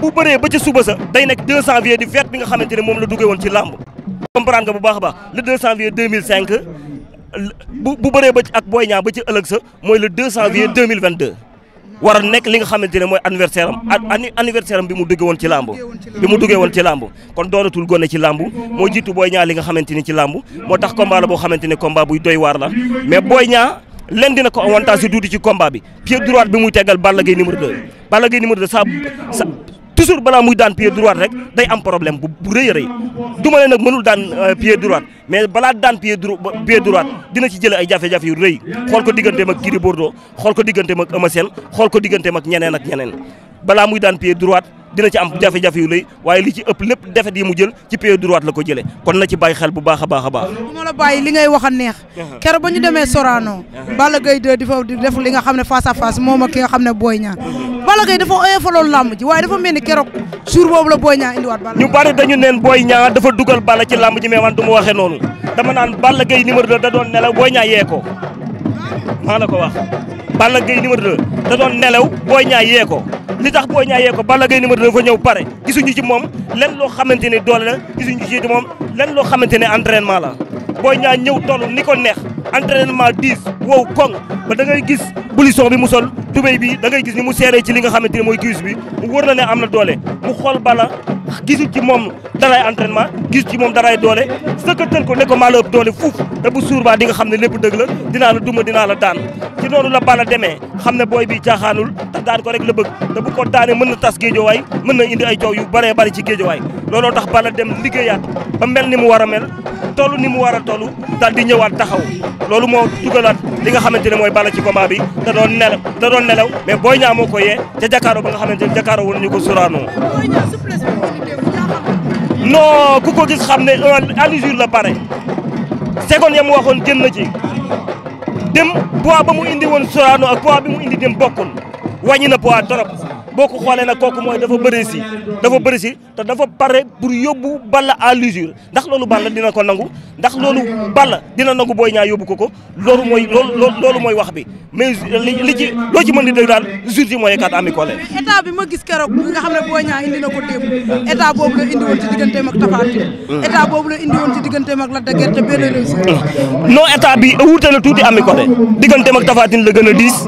bu bëree ba suba sa day nekk 2 janvier di fête bi nga xamante ne moom la duggee ci làmb comprendre nga bu baax a baax le 2 janvier bu bu bëree ba ak Boy Niang ba ci ëllëg sa mooy le 2 janvier 2022 war a nekk li nga xamante ne mooy anniversaire am anniversaire am bi mu duggee woon ci làmb bi mu duggee woon ci làmb kon doonatul gone ci làmb moo jiitu Boy Niang li nga xamante ni ci làmb moo tax combat la boo xamante ne combat buy doy waar la mais Boy Niang leen dina ko avantage si tuuti ci combat bi pied droit bi muy tegal Balla Gaye numéro 2 Balla Gaye numéro sa toujours balaa muy daan pied droit rek day am problème bu bu rëy a rëy du ma nag mënul daan euh, pied droit mais balaa daan pied droit dina ci jëlee ay jafe-jafe yu rëy xool ko digganteem ak Gris Bordeaux xool ko digganteem ak Eumeu Sène xool ko digganteem ak ñeneen ak ñeneen balaa muy daan pied droit. dina ci am jafe-jafe waaye li ci ëpp lépp defet yi mu jël ci pied droit la ko jëlee kon na ci bàyyi xel bu baax a baax a baax du ma la bàyyi li ngay wax a neex keroog ba ñu demee Sorano Balla gay 2 di fa def li nga xam ne face à face moom ak ki nga xam ne booy Niang Balla Gaye dafa oyofaloon làmb ji waaye dafa mel ni keroog jour boobu la Boy Niang indiwaat Balla ñu bari dañu neen Boy Niang dafa dugal Balla ci làmb ji mais man du ma noonu dama naan Balla Gaye numéro 2 nelaw Boy Niang ko maa la ko wax Balla Gaye numéro 2 da doon nelaw Boy Niang yee ko li tax Boy Niang yee ko Balla Gaye numéro 2 dafa ñëw pare gisuñu ci moom lenn loo xamante ne doole gisuñ gisuñu ci moom lenn loo xamante ne entraînement la Boy Niang ñëw toll ni ko neex entraînement diis wow koŋ ba da ngay gis blouson bi mu sol tubéy bi da ngay gis ni mu seeree ci li nga xamante ne mooy cuisse bi mu wër na ne am na doole mu xool bala gisul ci moom daray entraînement gisul ci moom daray doole sëkkatal ko ne ko maa la ëpp doole fuuf te bu suur baa di nga xam ne lépp dëgg la dinaa la duma dinaa la daan ci noonu la bala demee xam ne booy bi caaxaanul tax daan ko rek la bëgg te bu ko daanee mën na tas géejowaay mën na indi ay coow yu bëree bëri ci géejowaay looloo tax bala dem liggéeyaat ba mel ni mu war toll ni mu war a toll daal di ñëwaat taxaw loolu moo dugalaat li nga xamante ne mooy bala ci combat bi da doon nelaw da doon nelaw mais booy Niang ko yee ca jàkkaaroo ba nga xamante ne jàkkaaroo woon nañu ko suraanoo non ku ko gis xam ne à la pare seconde ya mu waxoon jën na ci dem poids ba mu indi woon suraanoo ak poids bi mu indi dem bokkul wàññi na poids trop boo ko xoolee nag kooku mooy dafa bëri si dafa bëri si te dafa pare pour yóbbu Balla à l'usure ndax loolu Balla dina ko nangu ndax loolu Balla dina nangu Boy Niang yóbbu ko ko loolu mooy loolu loolu mooy wax bi mais li ci loo ci mën di dégg daal jour ji mooy kat ami collègue. mais bi ma gis keroog bi nga xam ne Boy Niang indi na ko démb état boobu la indiwoon ci digganteem ak Tapha Tine. état boobu la indiwoon ci digganteem ak Lac de Guiers te benn réussite. non état bi wuute na tuuti ami côté la gën a diis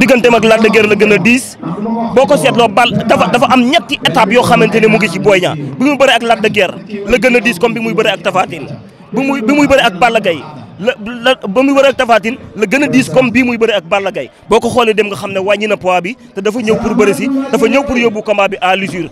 digganteem ak Lac de Guiers la gën a diis seetloo bal dafa dafa am ñetti étape yoo xamante ne mu ngi ci Boy Niang bi muy bëre ak Lac de Guiers la gën a diis comme bi muy bëre ak Tapha bi muy bi bëre ak Balla Gaye la ba mu war ak Tapha la gën a diis comme bii muy bëri ak Balla Gaye boo ko xoolee dem nga xam ne wàññi na poids bi te dafa ñëw pour bëri si dafa ñëw pour yóbbu combat bi à l'usure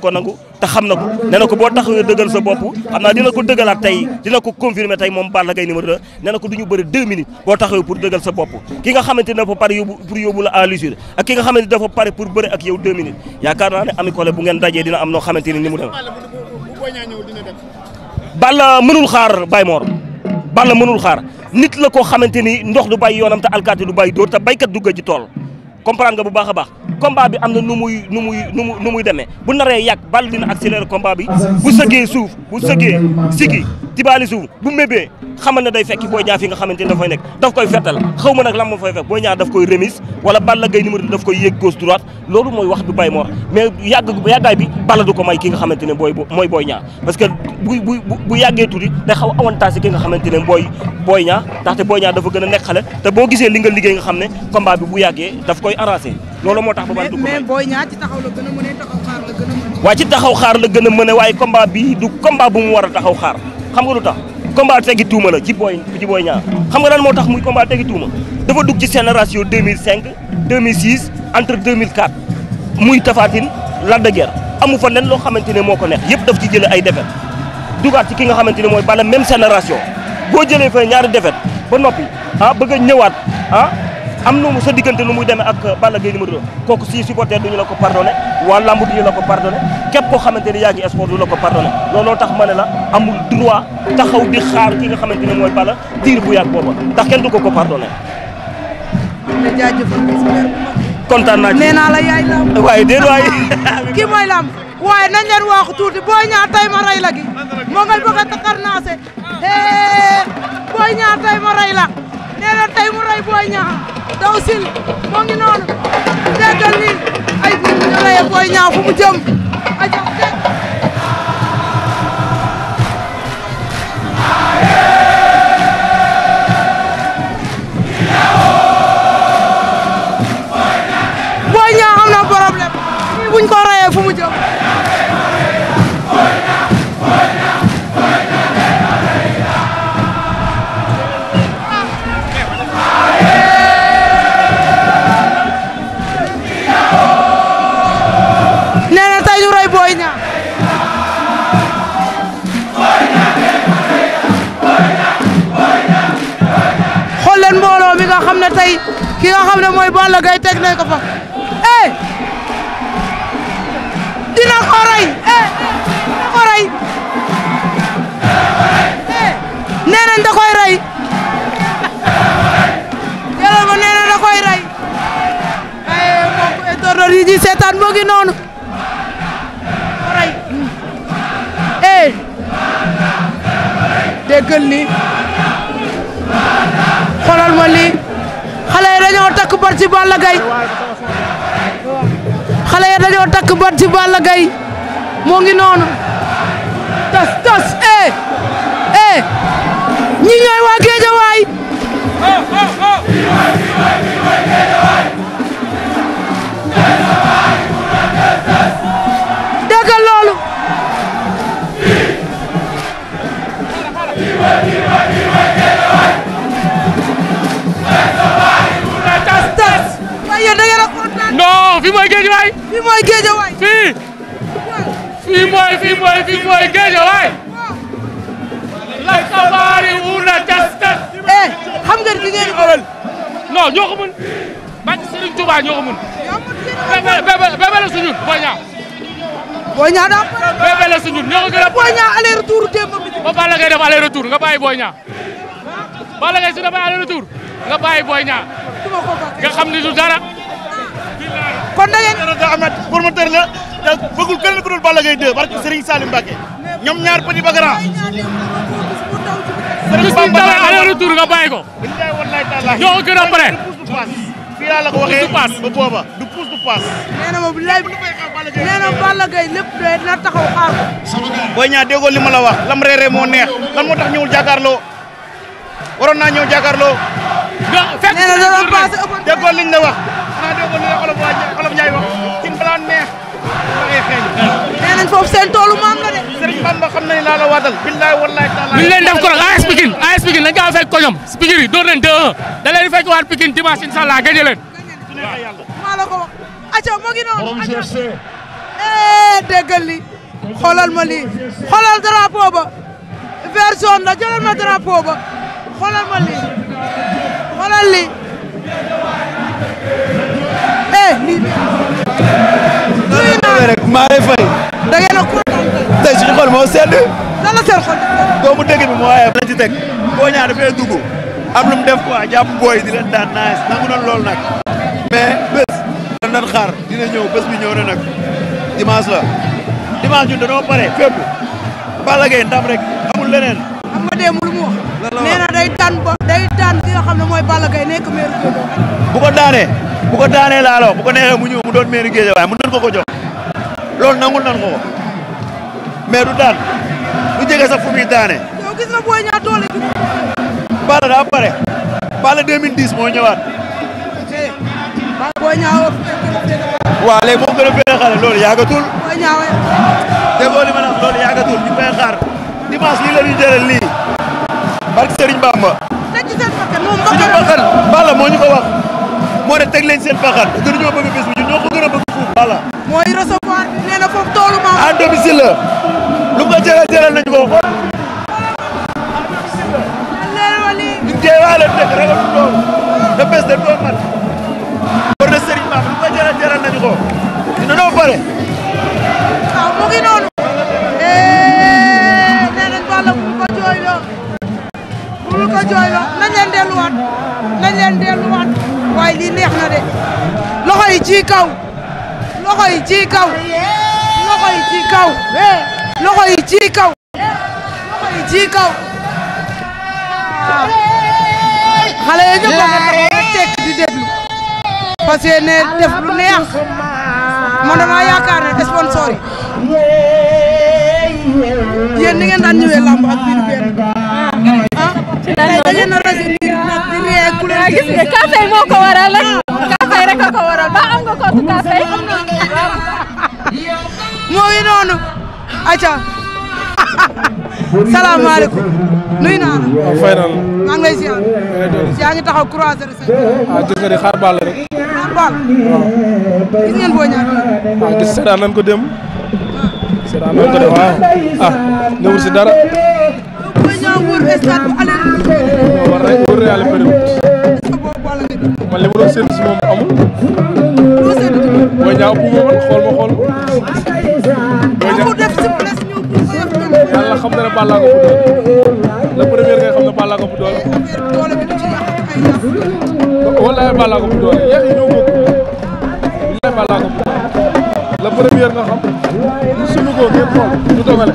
ko nangu xam na ko nee ko boo taxawee dëggal sa bopp xam naa ko dëggalaat tey dina ko confirmer tey moom Balla Gaye numéro ko du ñu bëri deux minutes boo taxawee pour dëggal sa bopp ki nga xamante ne dafa pare yóbbu pour yóbbu la à l'usure ak ki nga xamante dafa pare pour bëri ak yow deux minutes yaakaar naa ne Ami Collé bu ngeen dajee dina am noo xamante ni ni mu dem Balla mënul xaar Baye moor Balla mënul xaar nit la koo xamante ni ndox du bàyyi yoonam te alkaati du bàyyi dóor te baykat dugga ji tool comprendre nga bu baax a baax combat bi am na nu muy nu muy nu mu nu muy demee bu naree yàgg Balla dina accélérer combat bi bu sëgee suuf bu sëgee sigi tibaali suuf bu mébee xamal ne day fekki Boy Niang fi nga xamante ne dafa koy nekk daf koy fettal xaw ma nag lan moo fay fekk Boy Niang daf koy remise wala Balla Gaye numéro daf koy yéeg gauche droite loolu mooy wax bi Baye Mor mais du ko ne booy mooy Boy Niang parce que bu bu bu yàggee tuuti day xaw avantage ki nga xamante ne booy Boy Niang ndaxte Boy Niang dafa gën a nekk xale te boo gisee li nga liggéey nga xam ne combat bu yàggee daf koy arrangé loolu moo tax ba Balla du ko may mais Boy ci taxaw xaar la gën a mën waaye a waaye combat bi du combat bu mu war a taxaw xaar xam nga du tax combat teggi tuuma la ci booy ci booy ñaar xam nga lan moo tax muy combat teggi tuuma dafa mil ci génération 2005 2006 entre 2004 muy Tapha Tine Lac de Guiers amu fa len loo xamante ne moo ko neex yëpp daf ci jëlee ay défaite dugaat ci ki nga xamante ne mooy bala même génération boo jëlee fa ñaari defet ba noppi ah bëgg a ñëwaat ah am na sa diggante nu muy demee ak Balla Gaye numéro 2 kooku si supporter duñu la ko pardonné waa lamb duñu la ko pardonné képp koo xamante ni yaa ngi sport la ko pardonné looloo tax ma la amul droit taxaw di xaar ki nga xamante ne mooy Balla diir bu yàgg booba ndax kenn du ko ko pardonné. na jaajëfal kontaan naa ci la yaay lamb waaye déet waay kii mooy lamb waaye nañ leen waaxu tuuti boo ñaa tay ma rey la gi moo ngal bëgg a takarnaase boo ñaa tay ma rey nee na tey mu rey Boy Niang daw sil moo ay nit ñu rey Boy fu mu jëm aja dégg ne tey ki nga xam ne mooy Balla Gaye teg nañ ko fa eh! dina ko rey eh dina ko eh! koy rey jëlal ma nee nañ da koy rey eh mbokk internet yi ñuy seetaan moo ngi noonu rey eh déggal lii xoolal ma xale yi dañoo takk bor ci Balla Gaye takk bor ci moo ngi noonu tas tas eh eh ñi ñooy waa Géejawaay Géejawaay non fii mooy géejawaay. fii mooy géejawaay. mooy fii mooy fii mooy lay tabaari wuuna tas tas. eh xam nga li ngeen ëwal. non ñoo ko mën. bàcc Serigne Touba ñoo ko mën. bébé la suñu boo ñaaw. boo ñaaw daa pare. bébé la suñu ñoo ko gën a. boo ñaaw aller retour ba Balla Gaye def aller retour nga bàyyi boo ñaaw. Balla Gaye su def aller retour nga bàyyi boo ñaaw. nga xam dara. kon da ngeen. Dara Ahmed promoteur la te bëggul kenn ku dul Balla Gaye 2 barke Serigne Salim Mbacké ñoom ñaar petit ba grand. Serigne Bamba aller retour nga bàyyi ko. billahi wallahi taala. ñoo gën a pare. fii la ko waxee ba booba du la wax lam reeree moo neex lan moo tax waroon na da doon liñ la wax la wax Wolof Njaay nañ foofu de Serigne Bamba leen def ko AS Pikine ko ñoom Pikine yi door leen 2-1 da leen fekk waat Pikine dimanche inshallah eh, ma lii xoolal drapeau ba vert jaune la ma drapeau ba xoolal ma lii xoolal lii eh lii rek maa lay fay. da ngeen a kontaan tey suñu xol moo sedd. lan la seen xol. doomu dëgg bi moo waaye lañ ci teg. boo ñaa dafay dugg. am lu mu def quoi jàpp booy di leen daan naaj nangu na lool nag. mais bés. dañ doon xaar dina ñëw bés bi ñëw na nag dimanche la. dimanche ñun dañoo pare fépp. Balla Gaye ndam rek amul leneen. am nga démb nee na day tànn bo day tànn ki nga xam ne mooy Balla Gaye bu ko daanee bu ko daanee laaloo bu ko neexee mu ñëw mu doon maire Guédiawaye mën nañ ko ko lool loolu nangul nan ko ko mais du daan du jege sax daane yow gis na booy ñaar doole daa moo ñëwaat booy ñaaw waaw léegi moo gën a fee xale loolu yàggatul booy ñaaw déggoo li ma ne loolu yàggatul ñu fay xaar dimanche lii la lii barke Serigne Bamba. teg ci seen bakkan moom suñu bakkan Balla moo ñu ko wax. moo ne teg leen seen bakkan gënuñoo bëgg bés bi ñun ñoo ko gën a bëgg fuuf Balla. mooy recevoir nee na foofu toolu ma. à domicile la. lu ko jëlee jëlal nañu ko xool. à domicile la. ñu jéem a leen dëkk ragal loolu. te bés dañ koo mat. war na Serigne Bamba lu ko jëlee jëlal nañu ko. dina doon pare. loxo yi ci kaw loxo yi ci kaw loxo yi ci kaw eh, loxo yi ci kaw loxo yi ci a nga tekk di déglu parce que ne def lu neex man dama yaakaar ne ni ngeen daan ñëwee lamb ak biir benn ah, ah. tey rek a ko waral ba am nga kottu kafe. moo ngi noonu. acca. salaamaaleykum. nuyu naa la. waaw fay naa la. maa ngi lay ziar. yaa ngi taxaw croiser sa. ah gis nga di xaar baal rek. xaar baal. waaw. gis ngeen boo ñaata. ah gis seetaan nañ ko dem. seetaan man li ma doon moom amul. booy ñaaw bu ma man xool ma xool ma. booy ñaaw def si place ñëw pour yàlla xam na Balla ko bu doole la première ngay xam ne Balla Balla ko bu doole la première nga xam suñu ko ngeen xool ñu dogale.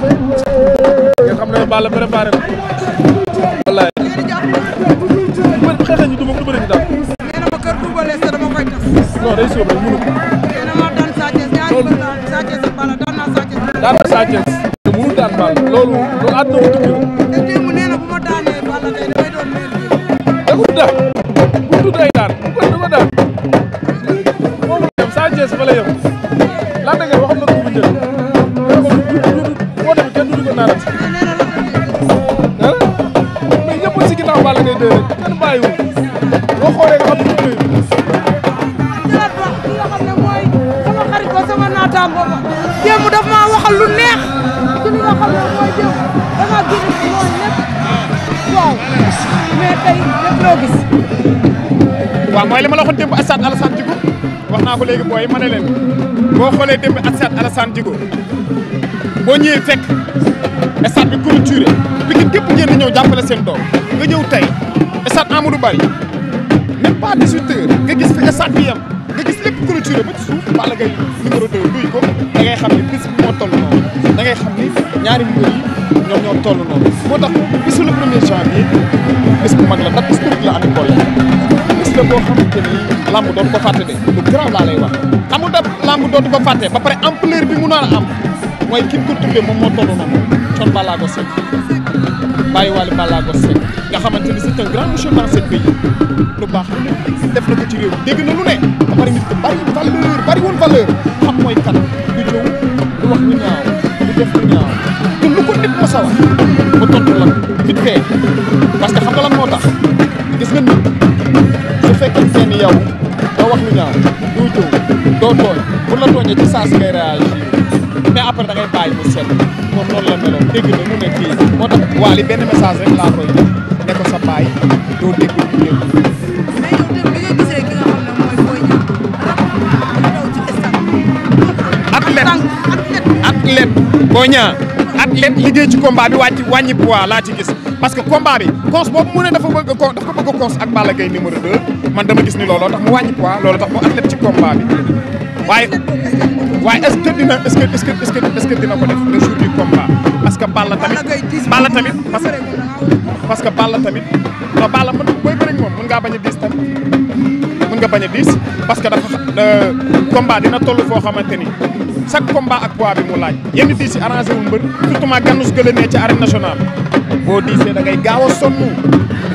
nga xam ne Balla préparé booy ma ne leen boo xoolee démb ak stade Alassane Djigo boo ñëwee fekk stade bi clôturé Pikine képp ngeen ñëw jàppale seen doom nga ñëw tey stade Amadou Barry même pas nga gis lépp clôturé ba ci suuf Balla Gaye numéro 2 luy ko da ngay xam ni bis bi moo toll noonu da ngay xam ni ñaari mbir yi ñoom ñoo toll noonu moo tax bisu le premier janvier bis bu mag la ndax bis bu la am i la boo xamante ni làmb dootu ko fàtte de lu garaaw laa lay wax amul daf làmb dootu ko fàtte ba pare ampleur bi mu nar a am mooy ki ko tuddee moom moo toll noonu Thione Ballago Seck Baye Waly Ballago Seck nga xamante ni c'est un grand monsieur dans ce pays lu baax lu def na ko ci réew dégg na lu ne ba pare nit ku bari valeur bari woon valeur xam mooy kan du jëw du wax lu ñaaw du def lu ñaaw te lu ko nit mos a wax mu tontu la vite fait parce que xam nga ne ci saa si ngay sa baay doo dégg lu dégg. mais yow tamit dañoo gis rek liggéey ci combat bi wàcc wàññi poids laa ci gis parce que combat bi cons boobu mu ne dafa bëgg ko a cons ak Balla Gaye numéro 2 man dama gis ni looloo tax mu wàññi poids looloo tax mu athlète ci combat bi. waaye waaye est-ce que dina est-ce que est-ce que que dina ko def le jour du combat parce que Balla tamit Balla tamit parce que parce que Balla tamit non Balla mën booy bëri moom mën ngaa bañ a diis tam mën nga bañ a diis parce que dafa combat dina toll foo xamante ni chaque combat ak poids bi mu laaj yenn diis yi arrangé mbër surtout maa gànnus gële nee ci arène diisee da ngay gaaw a sonn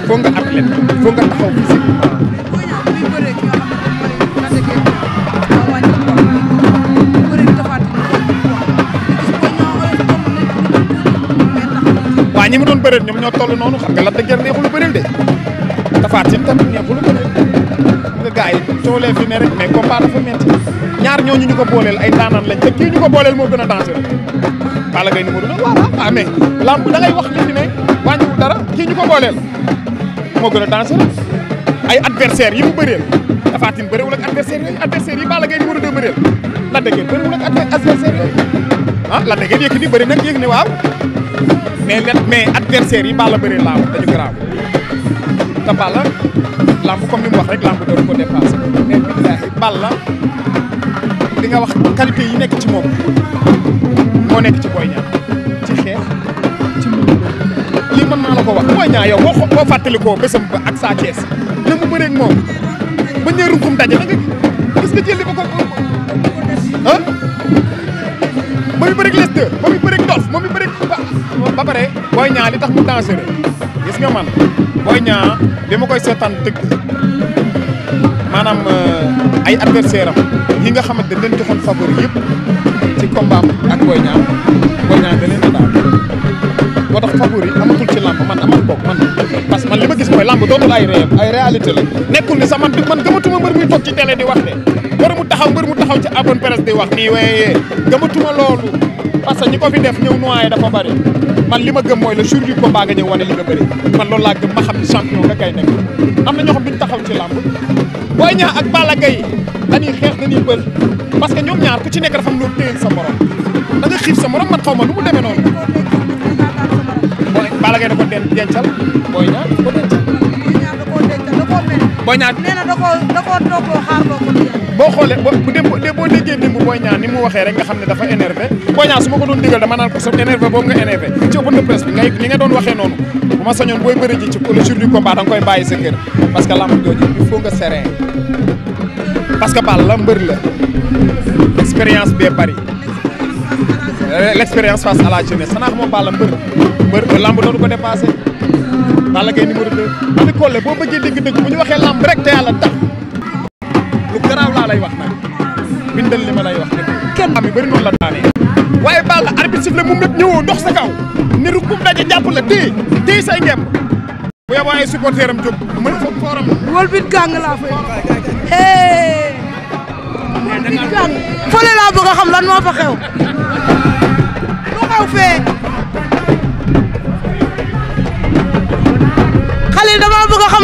foo nga athlète foo nga taxaw physiquement ñi mu doon bëreel ñoom ñoo toll noonu xam nga Lac de Guiers yi coolee fi ne rek mais combat ñu ko booleel ay daanaan lañ te ko booleel moo gën a danger Balla Gaye numéro 2 waaw ah, mais lamb da ngay wax li dara kii ñu ko booleel moo gën a danger ay adversaire yi mu bëreel Tapha Tine bëreewul ak adversaire yooyu adversaire yi Balla Gaye numéro 2 bëreel Lac de Guiers bëreewul ak adversaire yooyu ah Lac de Guiers yëkkati bëri nag yëg ne waaw mais mais adversaire yi Balla bëri laaw dañu garaaw te Balla lamb comme ni mu wax rek lamb doon ko dépassé mais Balla li nga wax qualité yi nekk ci moom moo nekk ci Boy Niang ci xeex ci lii mën naa la ko wax Boy Niang yow boo boo fàttalikoo bésam ba ak Sa Thiès mu bëreeg moom ba ñëru daje da nga jël li ba ko ah bay bëreeg les deux ba pare Boy Niang li tax mu dangereux gis nga man Boy Niang bi ma koy seetaan dëgg maanaam euh, ay adversaire am yi nga xamante dañ leen joxoon favori yëpp ci combat ak Boy Niang Boy Niang da leen a daal moo tax favori amatul ci làmb man amat boog man parce que man li ma gis mooy làmb dootul ay réel ay réalité la nekkul ni sax man bi man gëmatuma mbër muy toog ci télé di wax de mbër mu taxaw mbër mu taxaw ci abonne presse di wax nii waaye gëmatuma loolu parce que ñi ko fi def ñëw noyé dafa bëri man li ma gëm mooy le jour du combat nga ñëw wane li nga bëri man loolu laa gëm ma xam ne champion nga kay nekk am na ñoo xam duñ taxaw ci làmb Boy Niang ak Balla Gaye xeex dañuy bëri parce que ñoom ñaar ku ci nekk dafa am loo téyel sa morom da xiif sa morom man xaw ma lu mu demee noonu Balla Gaye da ko dencal Boy Niang ko denc boo ñaan nee na da boo xoolee bu dee boo déggee ni mu waxee rek nga xam ne dafa énervé booy ñaan su ma ko doon digal dama naan ko sa énervé boobu nga énervé ci open de presse bi ngay ni nga doon waxee noonu bu ma sañoon booy bëri ci le jour du combat da nga koy bàyyi sa kër parce que lamb jooju la expérience bee bari l' expérience face à la jeunesse xanaa xamoo Balla mbër lamb doonu ko dépassé Balla Gaye numéro 2 Ami Collé boo bëggee dégg-dëgg bu ñu waxee lamb rek te yàlla tax lu garaaw laa lay wax nag bindal li ma lay wax nag kenn am yi bëri noonu la daane waaye Balla arbitre sifflé mu mépp ñëwoo dox sa kaw ni ru kum daje jàpp la téye téye say ngemb bu yeboo ay supporter am jóg mën a foog fooram wol bit gàng laa fay wol bit gàng fële laa bëgg a xam lan moo fa xew lu xew fee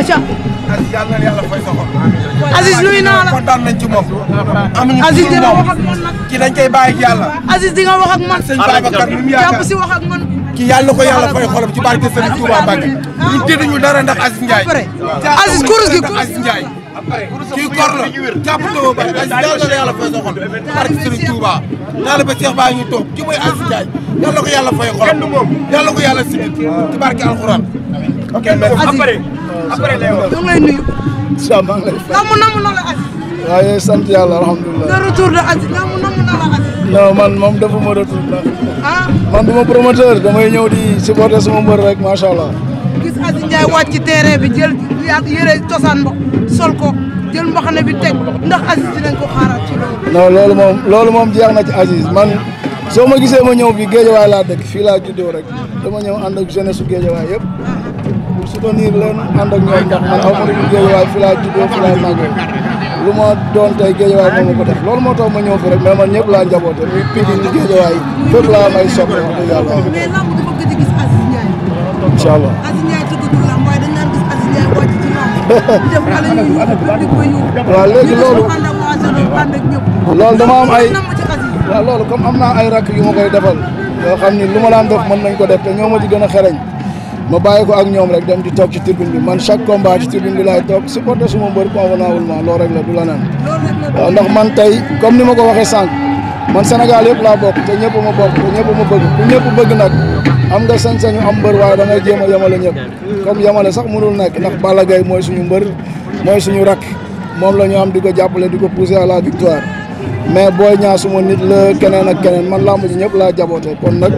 aca yàlla na yàlla fay sa xol Aziz nuyu naa la kontaan nañ ci moom amuñu Aziz dina wax ak man nag ki dañ koy bàyyi ak yàlla Aziz di nga wax ak man sëñ Babacar mi mu yaakaar jàpp si wax ak man ki yàlla ko yàlla fay xolam ci barke Sëriñ Touba Mbacke ñun tëdduñu dara ndax Aziz Ndiaye Aziz kurus gi Aziz Ndiaye kii kor la jàpp ko ba Aziz yàlla na yàlla fay sa xol barke Sëriñ Touba daal ba Cheikh baa ngi toog ki mooy Aziz Ndiaye yàlla ko yàlla fay xolam yàlla ko yàlla sigil ci barke alxuraan ok merci après lay wax. ñu ngi lay la Aziz. waaw yooyu sant yàlla alhamdulilah. man moom dafa ma retour la. ah man du ma promoteur damay ñëw di supporter sama mbër rek macha allah. gis Aziz Ndiaye wàcc ci terrain bi jël yére jël mbaxane bi teg ndax Aziz ci loolu. non loolu moom loolu moom jeex na ci Aziz man. soo ma gisee ma ñëw bi géejawaay laa dëkk fii laa juddoo rek dama ñëw ànd ak jeunesse su géejawaay yëpp soutenir leen ànd ak ñoom ndax man aw ma dugg géejawaay fi laa juddoo fi lu ma doon tey géejawaay moom ma ko def loolu moo tax ma ñëw fi rek mais man ñëpp laa njaboote muy pigi ni géejawaay fépp laa may sopp wax dëgg yàlla mais lamb dafa a gis Aziz léegi loolu loolu dama am ay waaw loolu comme am naa ay rakk yu ma koy defal yoo xam ni lu ma laan def mën nañ ko def te ñoo ma ci gën a xereñ ma bàyyi ko ak ñoom rek dem di toog ci tribune bi man chaque combat ci tribune bi laay toog supporter suma mbër convenablement loo rek la du la naan man tey comme ni ma ko waxee sànq man Sénégal yëpp laa bokk te ñëpp ma bokk te ñëpp ma bëgg ku ñëpp nag am nga sañ-sañu am mbër waaye da ngay jéem a yemale ñëpp comme yemale sax mënul nekk ndax Balla Gaye mooy suñu mbër mooy suñu rak moom loo ñu am di ko jàppale di ko pousser à la victoire mais booy ñaa suma nit la keneen ak keneen man làmb ji ñëpp laa jaboote kon nag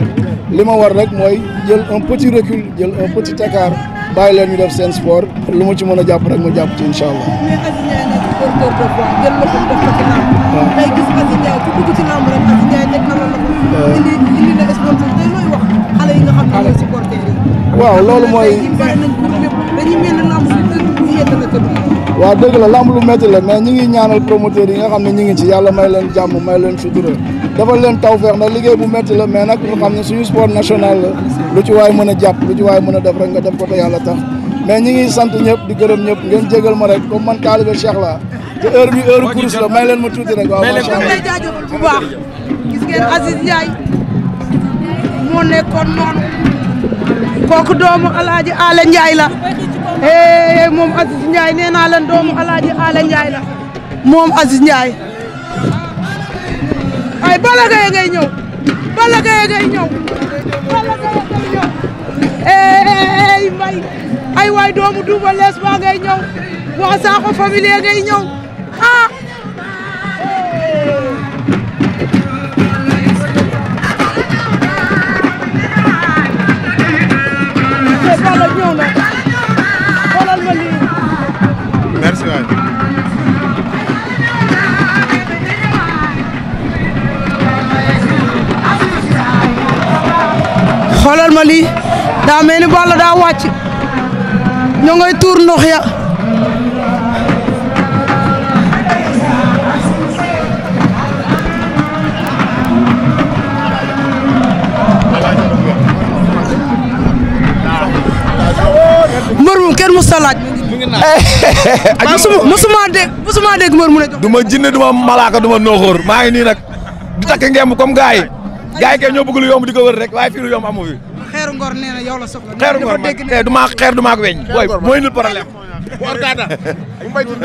li ma war rek mooy jël un petit recul jël un petit écart bàyyi leen ñu def seen sport lu ci mën a jàpp rek ma jàpp ci incha allah. waaw tey euh. mooy dañuy mel ne làmb bu yedd na tëdd. waaw dëgg la làmb lu métti la mais ñi ngi ñaanal promoteur yi nga xam ne ñi ngi ci yàlla may leen jàmm may leen sutura. dafa leen tawfeex nag liggéey bu métti la mais nag ñu xam ne suñu sport national la lu ci waay mën a jàpp lu ci waay mën a def rek nga def ko te yàlla tax mais ñi ngi sant ñëpp di gërëm ñëpp ngeen jégal ma rek comme man taalibe Cheikh la te heure bi heure course la may leen ma tuuti rek waaw macha allah jaajëfal bu baax gis ngeen Aziz Ndiaye moo nekkoon noonu kooku doomu alaaji Aale Ndiaye la moom Aziz Ndiaye nee naa leen doomu alaaji Aale Ndiaye la moom Aziz Ndiaye waaye Balla Gaye ngay ñëw Balla Gaye ngay ñëw Balla Gaye ngay ñëw ey eh, eh, eh, mbay ay waay doomu Double Less ba ngay ñëw waa Sakho familier ngay ñëw ah Balla ñëw na xoolal ma lii merci waay xoolal ma lii daa mel ni daa wàcc ñoo ngay tuur ndox ya mbër mu kenn mu salaaj musuma dégg musuma dégg mbër mu ne du ma jinne du ma malaaka du ma maa ngi nii nag di takk ngemb kom gars gaay kay ñoo bëgg lu yomb di ko wër rek waaye fii lu yomb amu fi. xeeru ngor nee na yow la soxla. Eh, ngor man tey du maa xeer du maa ko weñ. booy mooy nul problème. bu orkaata bu mbay tuuti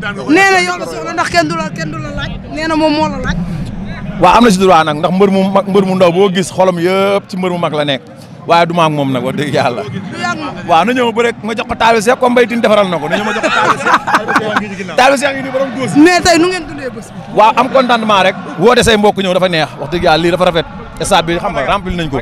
la soxla ndax kenn du la kenn du la laaj. nee na moom moo la laaj. waaw si droit nag ndax mbër mu mag mbër mu ndaw boo gis xolam yëpp ci mbër mu mag la nekk waaye du ma ak moom nag wax dëgg yàlla. waaw na ñëw ba rek ma jox ko Talla Seck comme baytin defaral na ko na ñëw ma jox ko Talla Seck. Talla Seck yi di borom góos mais tey nu ngeen tuddee bés bi. waaw am contentement rek. woote say mbokk ñëw dafa neex wax dëgg yàlla lii dafa rafet stade bi xam nga rempli nañ ko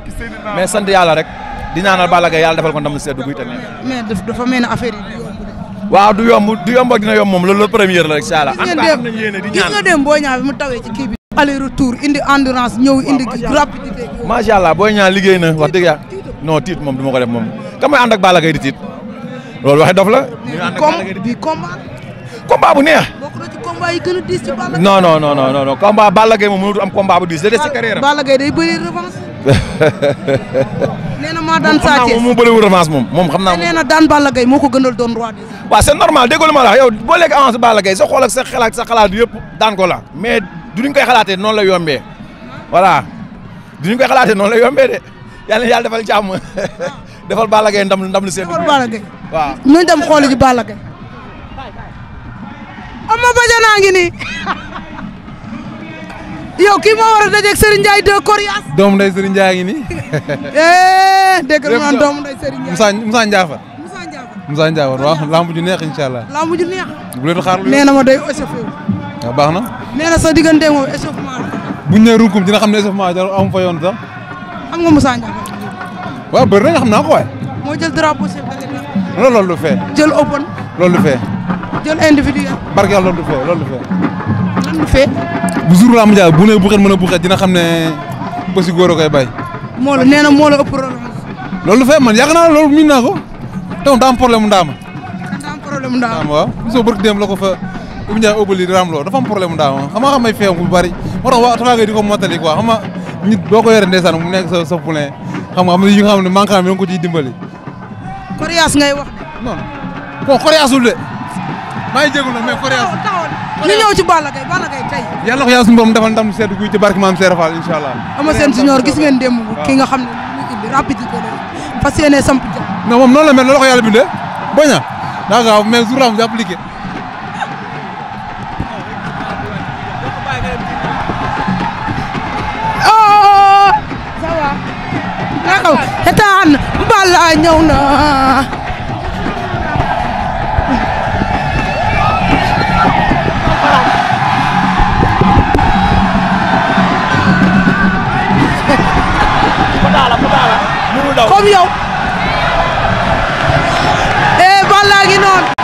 mais sant yàlla rek di ñaanal Balla Gaye yàlla defal ko ndam seddu guy tamit. mais dafa mel ne affaire yi waaw du yomb du yomb ak dina yomb moom loolu la première la incha allah. en tout cas nañu yéene di ñaan gis nga dem boo ñaan bi mu tawee ci kii bi. aller retour indi endurance ñëw indi rapidité. macha allah booy ñaan liggéey na wax dëgg yàlla. non tiit moom du ma ko def moom ka may ànd ak Balla Gaye di tiit loolu waxi dof la. bi combat. combat bu neex. bokk na ci combat yi gën a diis ci Balla Gaye. non non non non non moom mënatu da des ci carrière am. Balla Gaye day moom moom moom xam naa. nee na daan Balla Gaye moo ko gënal doon roi des. waaw c'est normal déggoo ma la yow boo léegi Balla Gaye sa xool ak sa sa xalaat yëpp daan ko la mais duñ koy xalaatee noonu la yombee voilà duñ koy xalaatee noonu la yombee de yàlla na yàlla defal jàmm defal Balla Gaye ndam ndam lu seen. defal Balla Gaye waaw. ñu dem xooli ji Balla Gaye. Ama Badiane a ngi nii. yow kii moo war a dajeeg Serigne Ndiaye deux Coriace. doomu nday Serigne Ndiaye a ngi nii. Eh, dégg neex incha allah. lamb ju neex. bu na ma day échauffé wu. Ah, sa diggante moom échauffement la. buñ xam ne échauffement jarul am xam nga Moussa Ndiaye. waaw moo jël drapeau chef de l'État. non loolu du fee. jël open. loolu fee. jël individuel. barke yàlla loolu fee loolu du fee. lan du la am Ndiaye bu ne bu xet mën a bu xet dina xam ne bési góor a koy bay. moo la nee na moo la ëpp problème. loolu du fee man yàgg naa loolu miin naa ko. donc daa am problème mu ndaama. daa am problème mu ndaama waaw. bisoo bëgg dem la ko fa. Ibou Ndiaye obali raamloo dafa am problème bari moo tax waa taxaw ngay di ko mottali quoi nit boo ko yore ndeysaan mu nekk sa sa poulain xam nga am na yi nga xam ne manquant bi nga ko ciy dimbali. coriace ngay wax. non bon coriaceul de maa ngi jégalu nag mais coriace. ñu ñëw ci Balla Gaye Balla Gaye tey. yàlla ko yàlla suñu borom defal ndam sedd guy ci barke maam Serigne Fall allah. ama seen junior gis ngeen démb ki nga xam ne mu indi rapide ko doon fas yéene samp jàpp. non noonu la mel loolu la ko yàlla bindee bañ a daa allah ñëw na comme yow. eh Balla ngi noonu.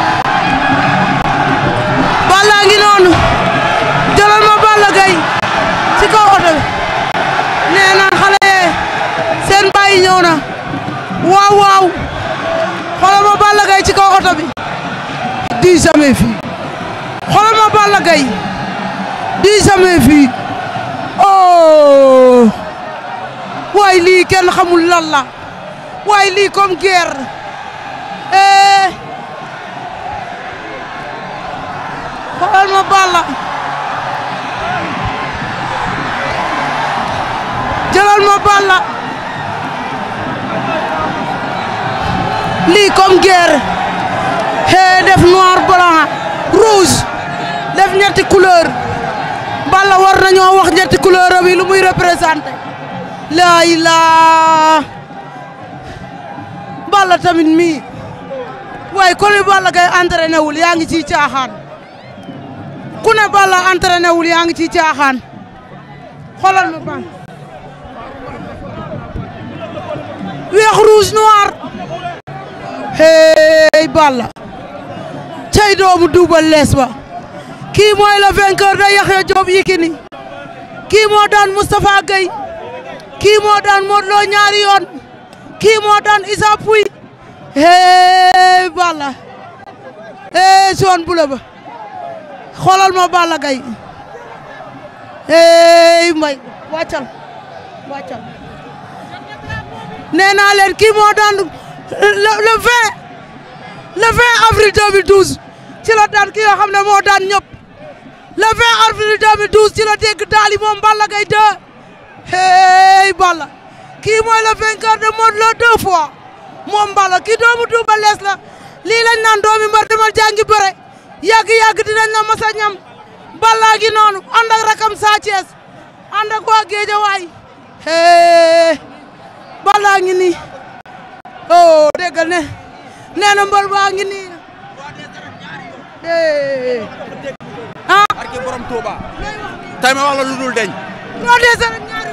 lool la waaye lii comme guerre eh. xoolal ma Balla jëlal ma Balla lii comme guerre xee eh, def noir blanc rouge def ñetti couleur Balla war nañoo wax ñetti couleur am muy représenté laa ilaa Balla tamit mii waaye ku ne Balla Gaye entraîné yaa ngi ci caaxaan ku ne Balla entraîné wul yaa ngi ci caaxaan xoolal ma ban weex rouge noir Balla cey doomu duubal lees ba kii mooy le vainqueur de Yaxya Joob Yékini kii moo daan Moustapha Gueye kii moo daan Modou Lo ñaari yoon kii moo daan Issa Pouye hey Balla hey zone bu ba xoolal ma Balla Gaye hey Mbaye wàccal nee naa leen kii moo daan le le 20 le 20 avril 2012 ci la daan kii yoo xam ne moo daan ñëpp le 20 avril 2012 ci la dégg daal moom Balla Gaye 2 hey Balla kii mooy le vainqueur de Modou Lo deux moom Balla kii doomu Double Less la lii lañ doomi mbar demal jàngi bëre yàgg yàgg dinañ la masa ñam noonu ànd rakam Sa Thiès ànd ak waa Géejawaay hey Balla ngi nii oh ne nee na mbër baa ngi nii ah. lu dul deñ.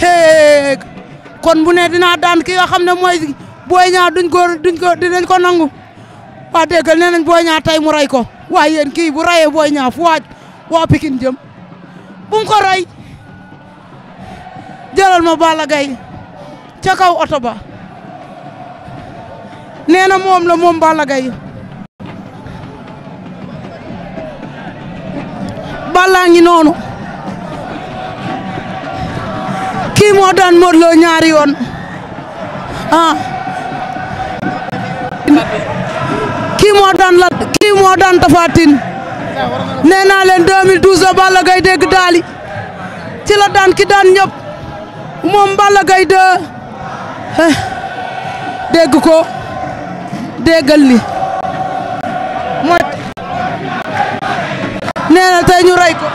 hee kon bu ne dinaa daan ki nga xam ne mooy Boy Niang duñ ko duñ ko dinañ ko nangu waa déggal nee nañ Boy Niang tey mu rey ko waaye yéen kii bu raye Boy ñaa fu waaj waa Pikine jëm bu ko ray jëlal ma baa Gaye ca kaw oto ba nee na moom la moom Balla Gaye Balla ngi noonu kii moo daan Modou ñaari yoon ah kii moo daan la kii moo daan Tapha nee naa leen 2012 Balla Gaye dégg daali ci la daan ki daan ñëpp moom Balla Gaye de eh. dégg ko déggal li mooy nee na tey ñu ko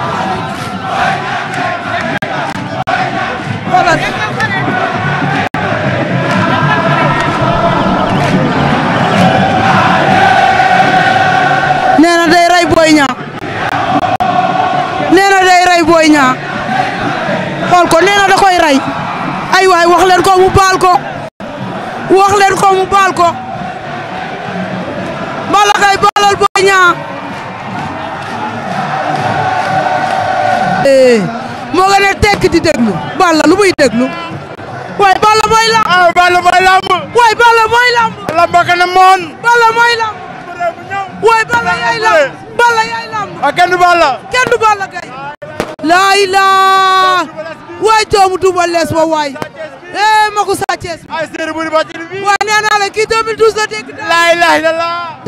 Mbaye ñaa xool ko nee na ay waay wax leen ko mu baal ko wax leen ko baal ko bala kay baalal Boy Niang eh, moo nga ne tekk di lu muy déglu waaye Balla mooy lamb waaw ah, Balla mooy lamb waaye Balla mooy lamb lamb lamb waaye Balla yaay laa ilaa waay doomu Double Less ba waay eh ma ko Sa Thiès waay nee naa la kii 2012 la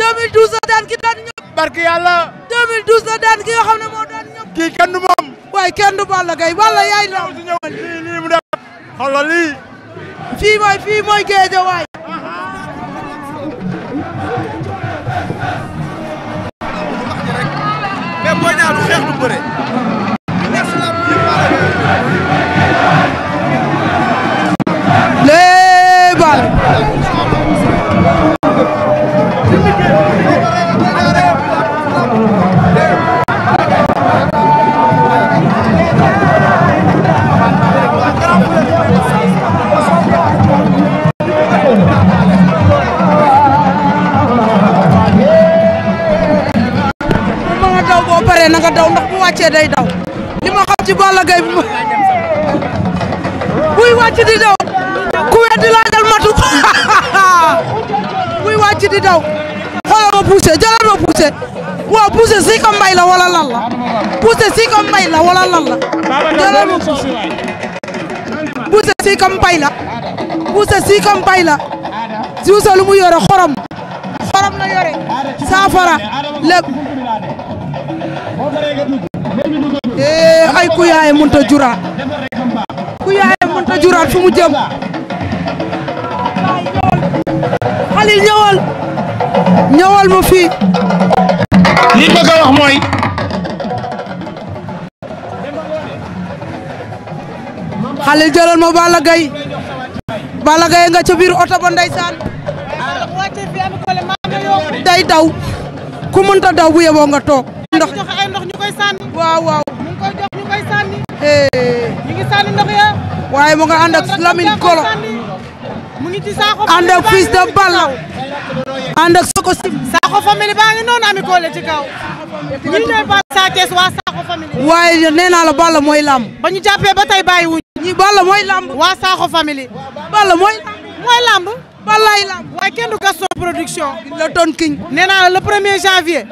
dégg ki daan ñëpp barke yàlla 2012 la daan ki nga xam moo daan ñëpp kii kenn moom waay kenn Balla Gaye walla yaay la fii mooy fii mooy géeje waay nga daw boo paree na daw ndax bu day daw li ma xam ci Balla Gaye buy wàcc di daw ku weddi matu buy wàcc di daw xoolal ma poussé jëlal ma poussé waaw poussé la wala lan la la wala lan xorom xorom la yore saafara lépp ee eh, ay ku yaay mënta juraat ku yaay mënta juraat fu mu jëm Xalil ñëwal ñëwal ma fii li bëgg a wax mooy Xalil jëlal ma Balla Gaye Balla Gaye nga ca biir oto ba ndeysaan day daw ku mënta daw bu yeboo nga toog ndox joxe ay ndox ñu koy sànni. waaw waaw mu ngi nga ànd ak Kolo. mu ngi ci Balla. ànd Soko Sim. Sakho famille baa ngi noonu Ami Collé ci kaw. ñi ñooy Balla Sa waa Sakho famille. waaye nee naa la Balla mooy làmb. ba ñu jàppee ba tey bàyyi wuñ. Balla mooy làmb. waa Sakho famille. Balla mooy. mooy làmb. Balla ay waaye kenn du Gaston production. la tonne kiñ. nee la premier janvier.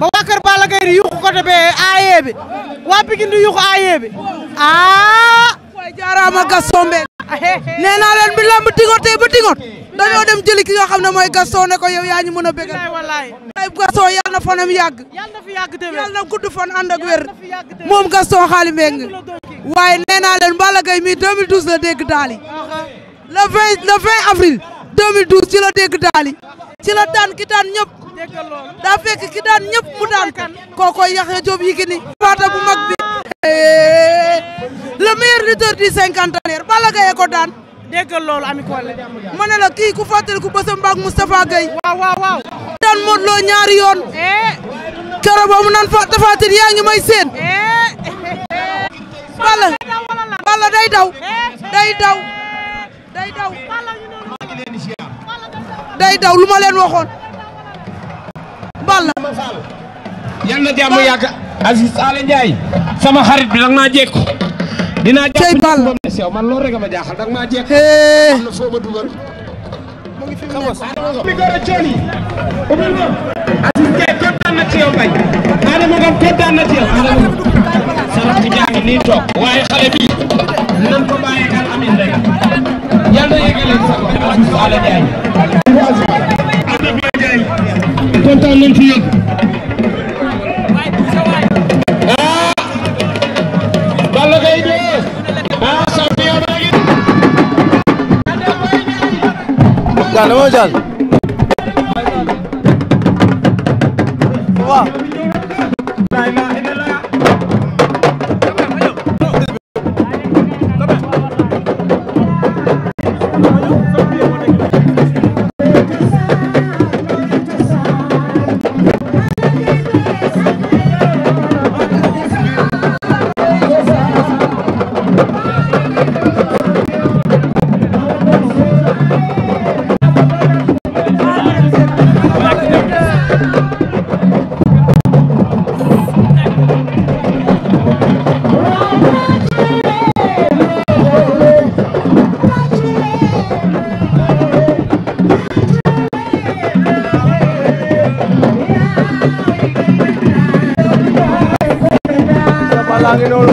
ba waa kër Balla Gaye di yuxu côté be aaye bi waa Pikine di yuxu aaye bi aa ah! jaaraama Gaston Mbengue nee naa leen bi lamb tingotee ba tingot dañoo dem ki nga xam ne mooy Gaston ne ko yow yaa ñu mën a bégal wallaay Gaston yàlla na fanam yàgg yàlla na fi na gudd fan ànd ak wér moom Gaston Xaali Mbengue waaye nee naa leen Balla Gaye mi 2012 la dégg daal yi uh-huh. le 20 le 20 avril 2012 ci la dégg daal ci la daan ki daan ñëpp daa fekk ki daan ñëpp mu daan bu mag bi eh, le meilleur lutteur du cinquantenaire Balla Gaye ko daan déggal ku fàttali ku bësam mbaag Moustapha Gueye daan Modou Lo ñaari yoon eh. kero ba mu naan yaa ngi may seen eh. Balla Balla day daw day daw day daw day daw Balla. yal na jàmm yàgg Aziz Aly Ndiaye sama xarit bi danga maa jékku. dinaa jàpp a ma jaaxal danga maa jékku. ma dugal. mi a coon yi ma. Aziz Ndiaye kontaan nañ ci yéen ah Balla Gaye de ah champion ba ngi dal dama jàll waaw maa ngi noonu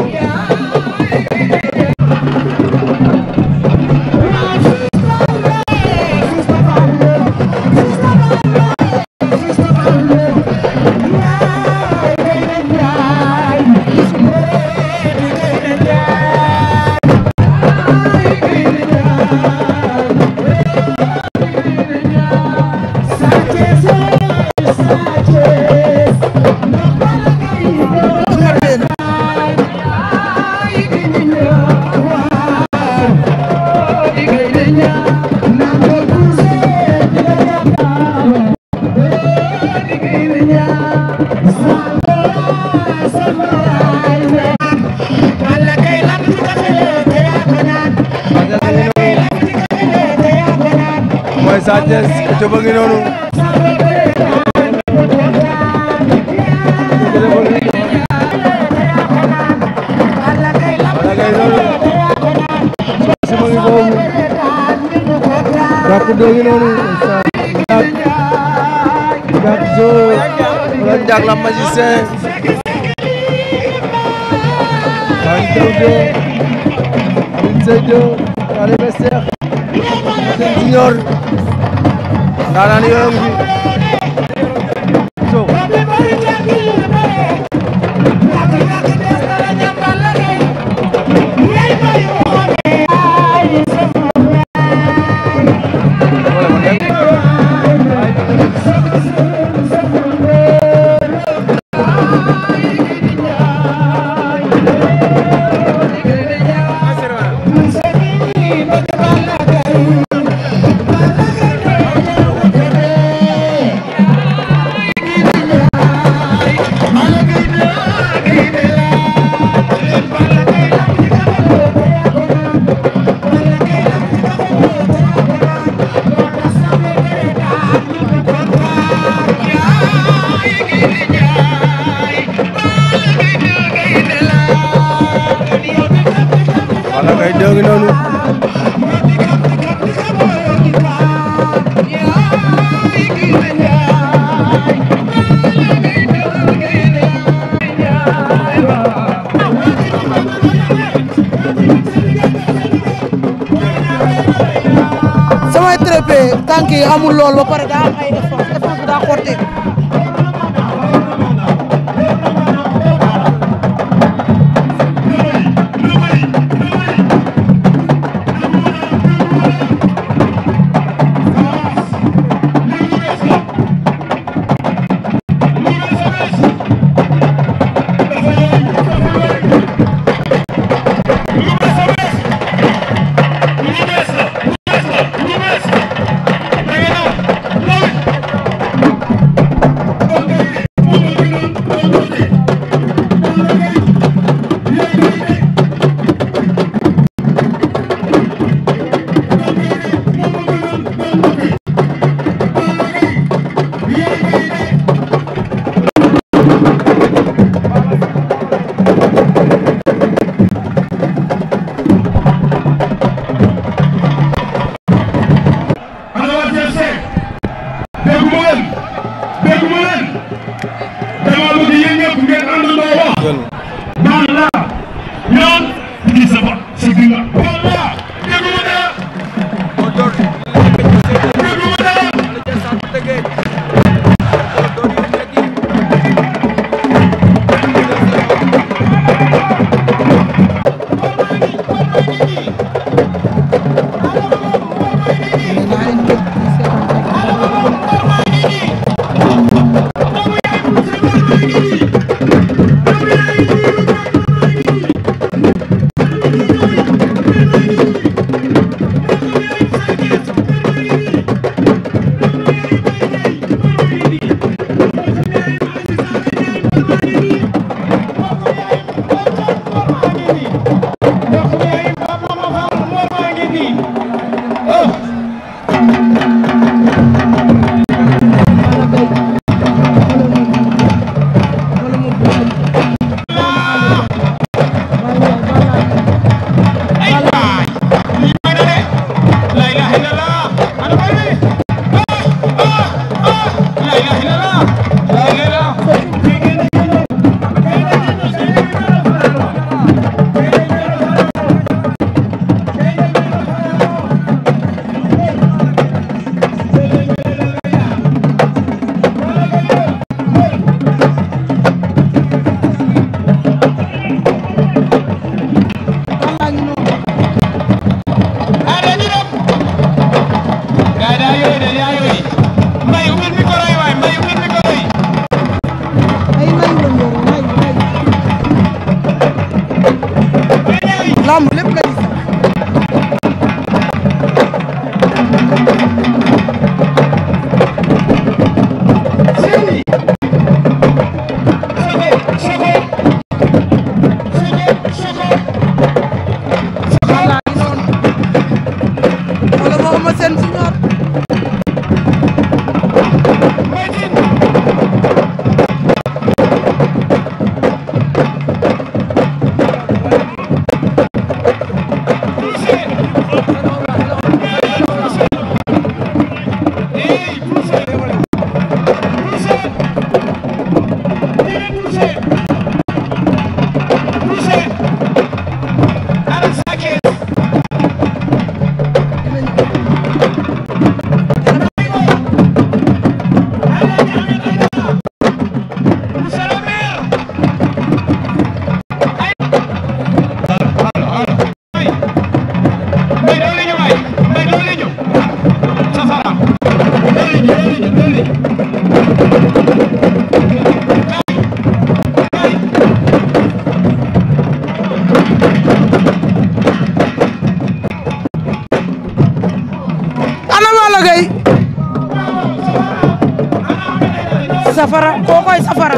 safara koo koy safara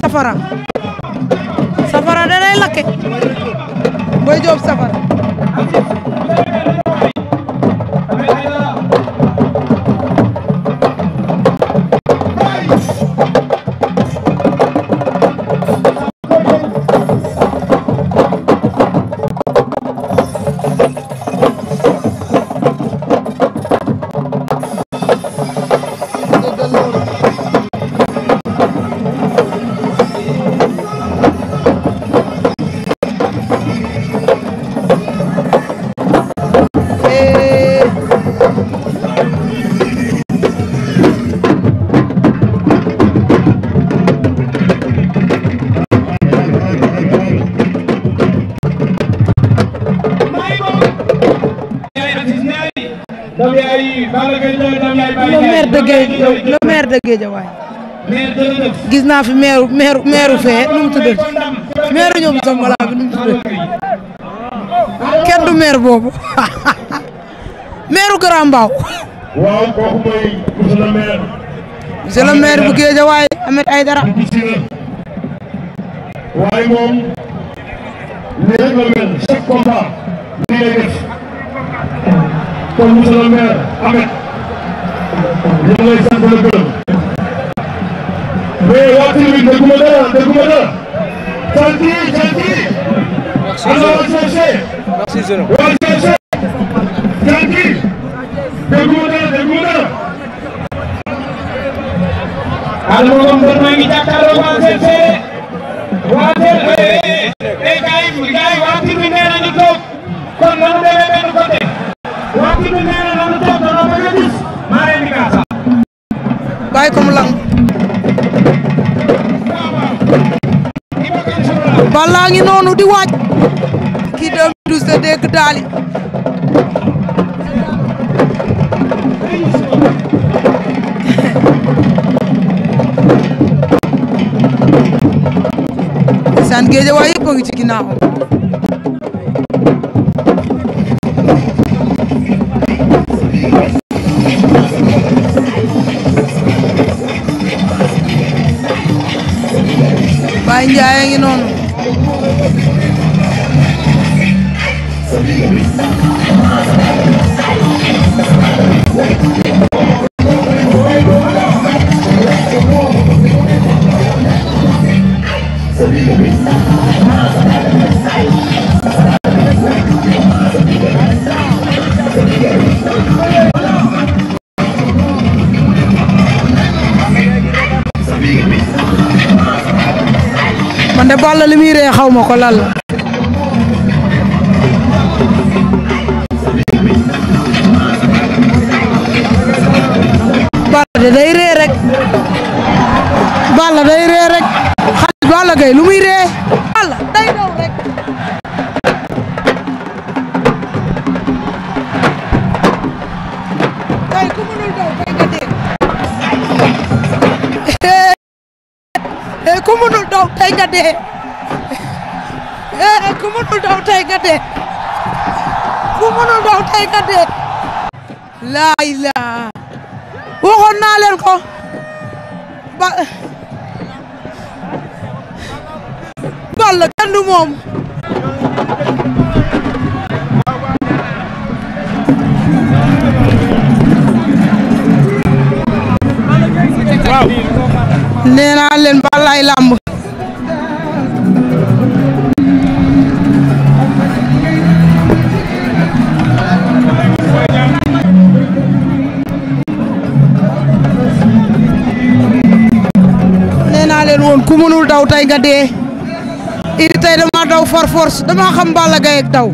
safara safara da lakke Boy Diop safara gis naa fi meeru meeru meeru fee nu mu tuddati meeru ñoom Zambala bi nu kenn du meer boobu meeru Grand waaw kooku mooy monsieur le maire monsieur bu Guédiawaye Ahmed Aïdara waaye dinahum ko lal nee naa leen balaay làmb ku mënul daw tey nga dee idi tey dama daw for force dama xam Balla Gaye ak daw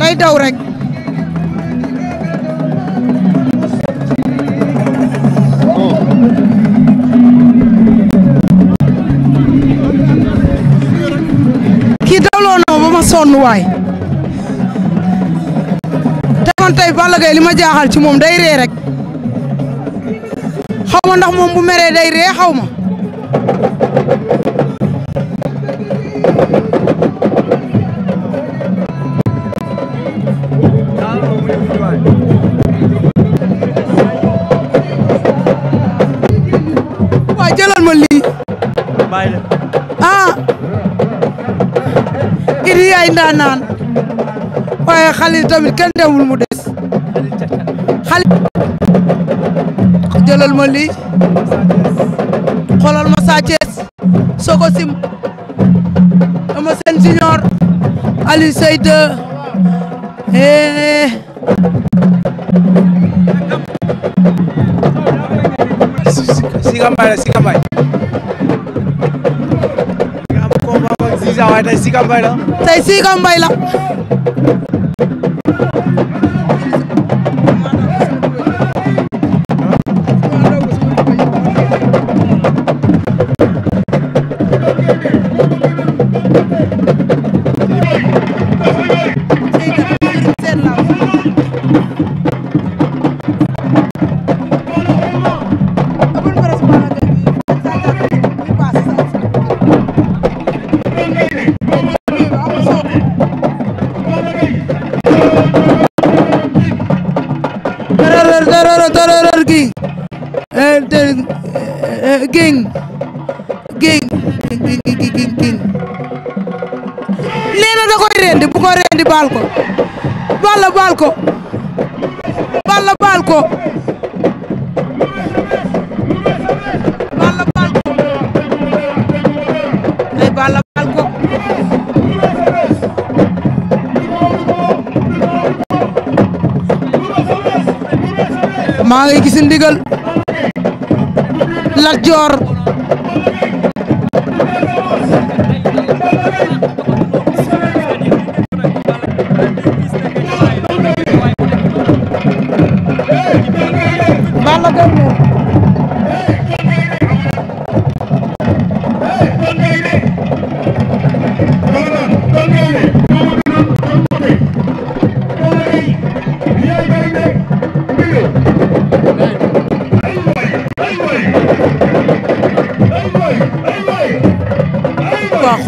day daw rek dama sonn waay te man tey Balla Gaye li ma jaaxal ci moom day ree rek xaw ma ndax moom bu meree day ree xaw ma ndaanaan waaye Khalil tamit kenn demul mu des Khalil jëlal ma lii xoolal ma Sa Thiès soo ko sim ama si si si Kambay tey Sika Mbaye la. tey Sika Mbaye la. géng géng géng géng nee na da koy bu ko rendi baal ko balla baal ko balla baal ko Lat Joor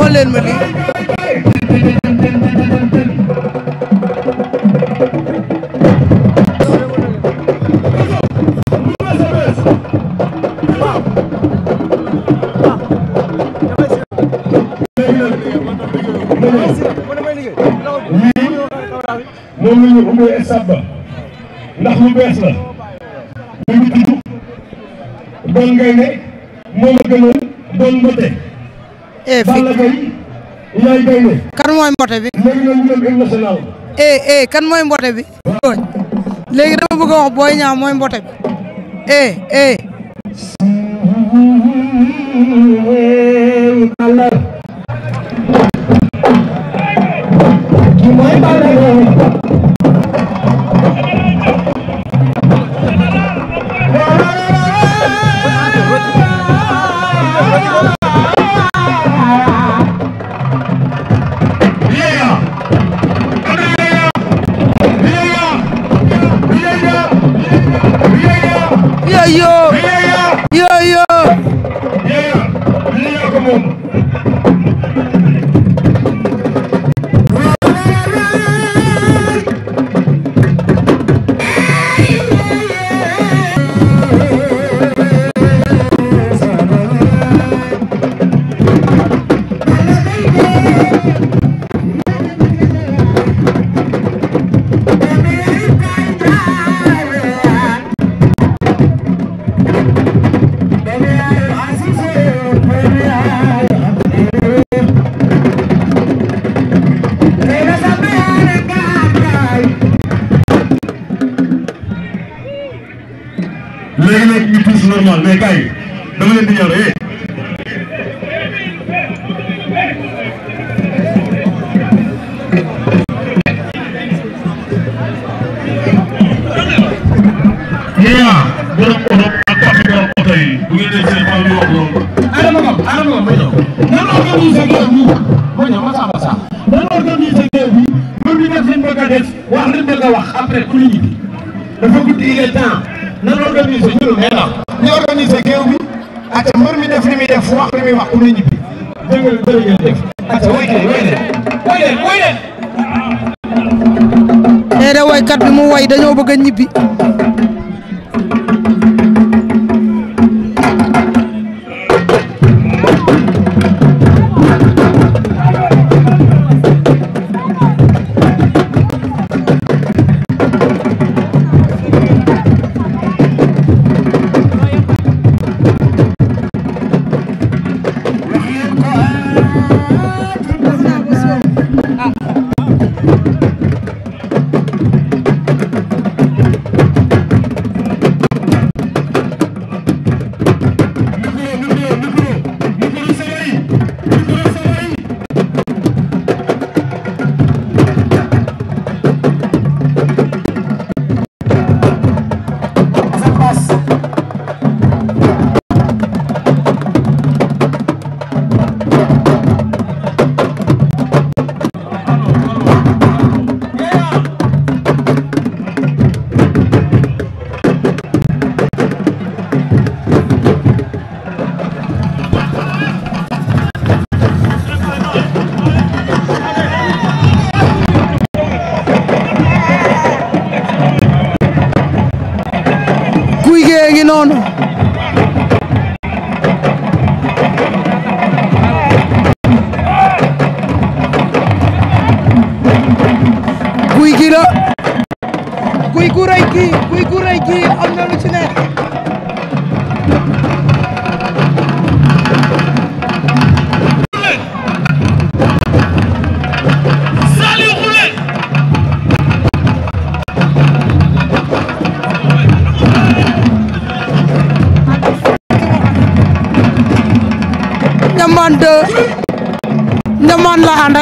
xool leen ma lii moom la ñu ubbee stade ba ndax lu bees la mu ngi tudd doon ngay ne moom a gënoon doon mbëtte e yaay gaynde kan mooy mbote bi e e kan mooy mbote bi tooñ léegi dama bëgg a wax Boy Niang mooy mbote bi e e ñibbi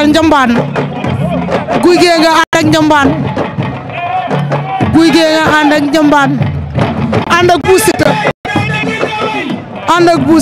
njambaan la guy gee nga ànd ak njambaan guy gee nga ànd ak njambaan ànd ak Bou ànd ak Bou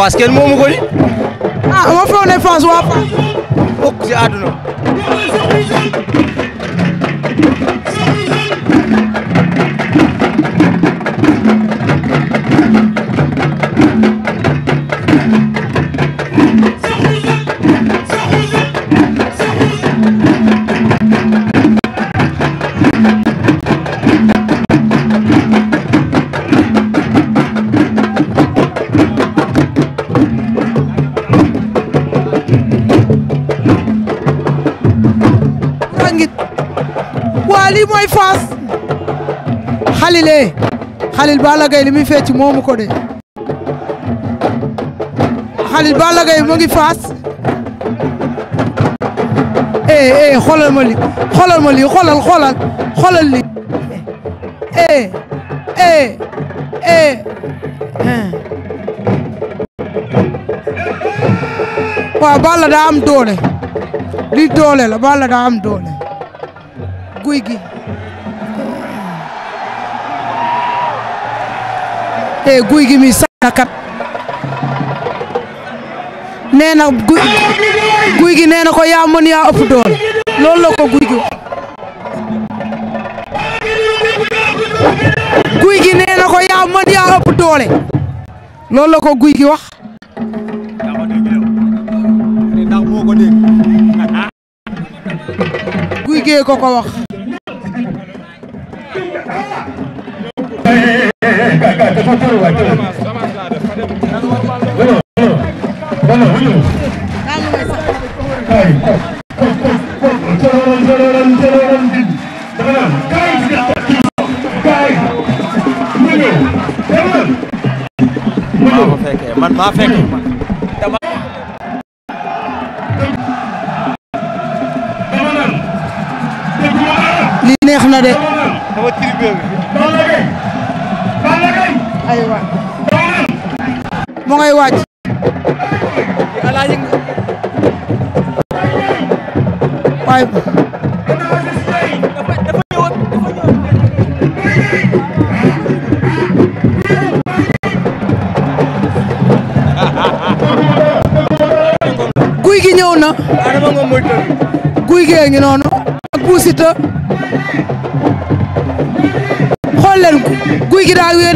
Fass kenn moomu ko ni. ah ma foog ne Fass xalilee xalil Balla Gaye li muy fecc moomu ko de xalil Balla Gaye mu ngi faas eh eh xoolal ma li xoolal ma li xoolal xoolal li eh, eh eh eh waaw Balla daa am doole li doole la Balla daa am doole guy gi xalaatee guy gi muy sàkkat nee na guy guy gi nee na ko yaa mën yaa ëpp doole loolu la ko guy gi guy gi nee ko yaa mën yaa ëpp doole loolu la ko guy gi wax. guy gee ko ko wax. ga ta fitarwa ta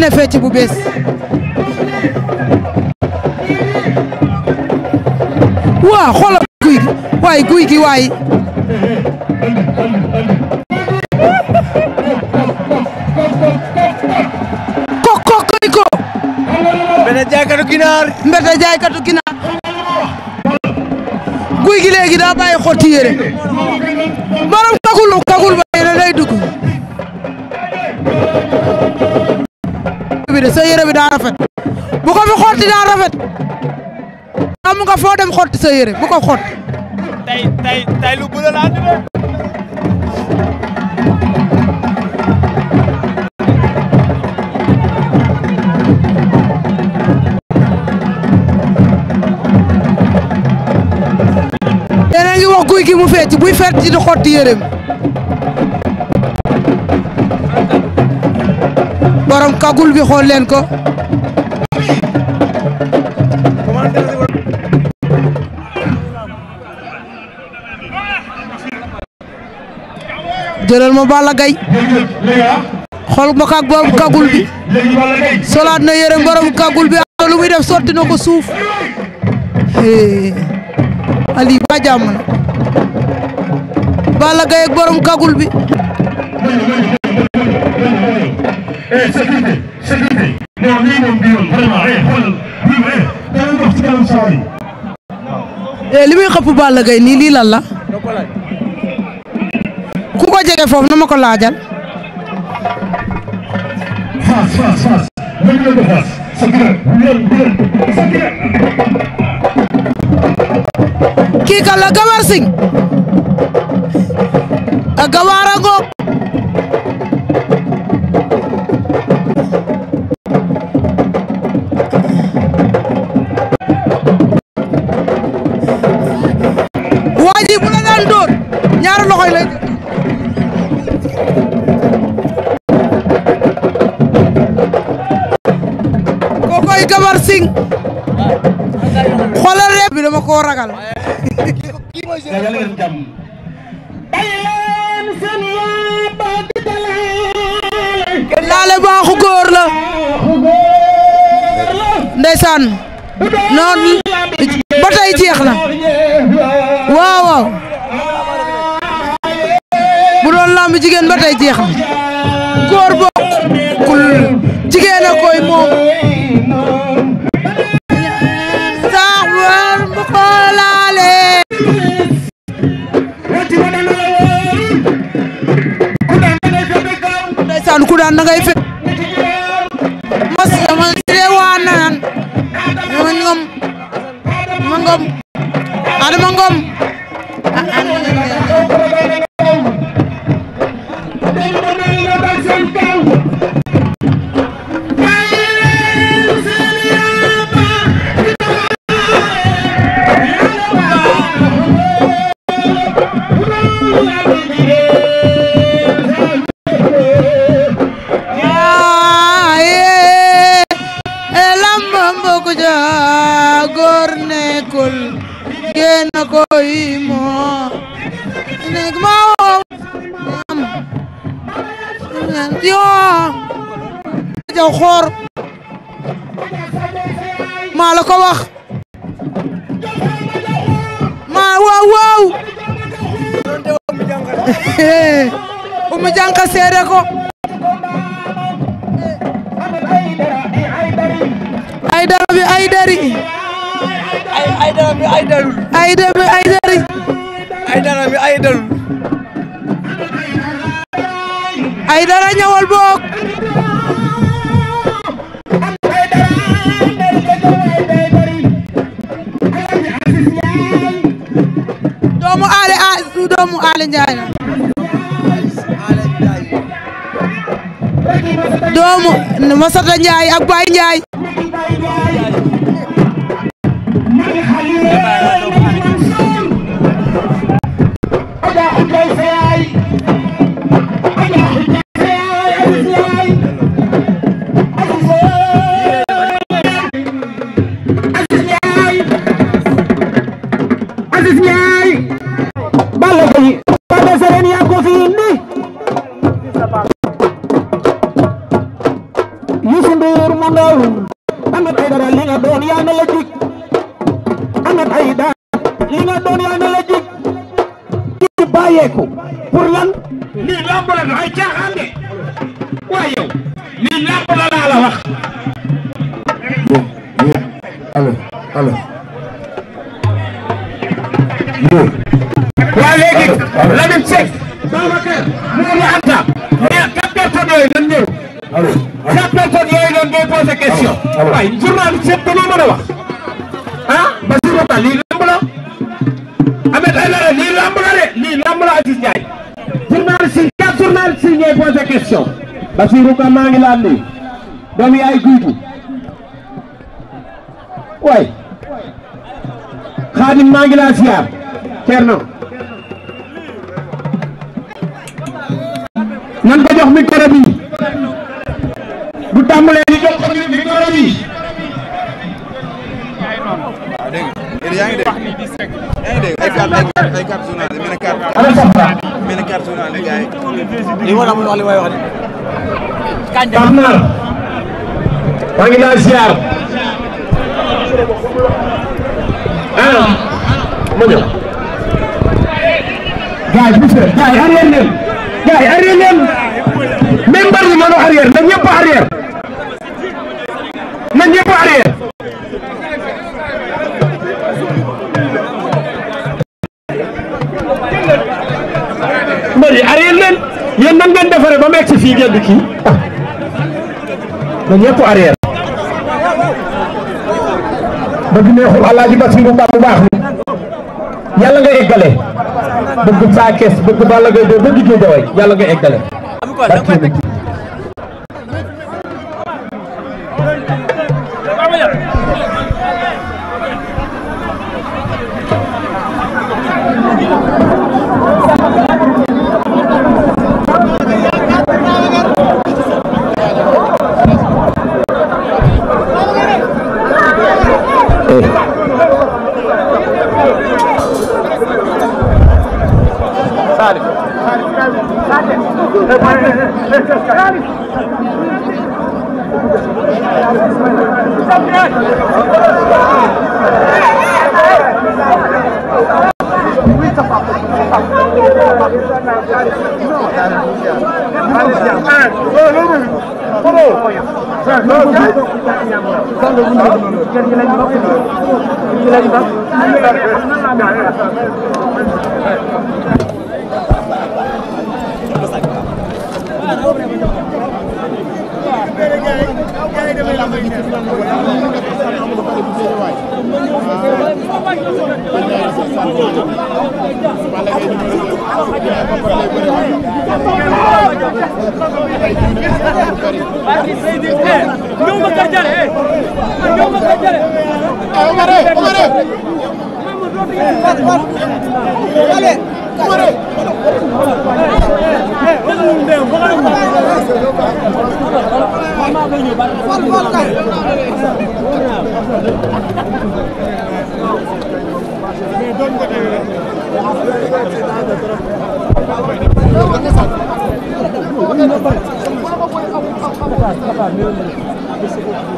na fecc bu bees waa xoolal guy gi waay guy gi waay kok kok koy ko mbete jaaykatu ginaar mbete jaaykatu ginaar guy gi léegi daa bàyyi xotti yére sa yére bu ko xot tey wax guy gi mu fecc buy fecc di xotti yéreem. borom kagul bi xool ko. jëlal ma Balla Gaye xool ma kaag borom kagul bi solaat na yére borom kagul bi am lu muy def sotti na ko suuf ali ba jàmm na Balla Gaye ak borom kagul bi eh, li muy xëpp Balla Gaye nii lii lan la foofu na ma ko laajal. kii kan la Gawar Singh Baye Gabar Sing xoolal rek bi dama koo ragal laale baaxu la ndeysaan noon ba tey jeex na waaw waaw bu doon lamb jigéen ba na daan da ngay fekk Masata Ndiaye ak Baye Ndiaye ko maa ngi laal lii ngi laa siyaar Thierno nan ko jox micro bu tàmbalee di jox micro bi yaa ngi dégg yaa benn carte journal gars yi li ma la mën wax li may wax de. kañ de am na. maa ngi daal ziar. ah. ma ñëw. gars yi bis la gars yi arrière leen. gars yi arrière leen. même bari na ma noo arrière na ñëpp arrière. na ñëpp arrière. na ñëpp arrière bëgg neexul alaaji Basiru ba bu baax ni yàlla nga eggale bëgg Sa Thiès bëgg Balla Gaye doo bëgg Guédiawaye yàlla nga eggale ci lañ bokk ci lañ bokk Thank you. Allez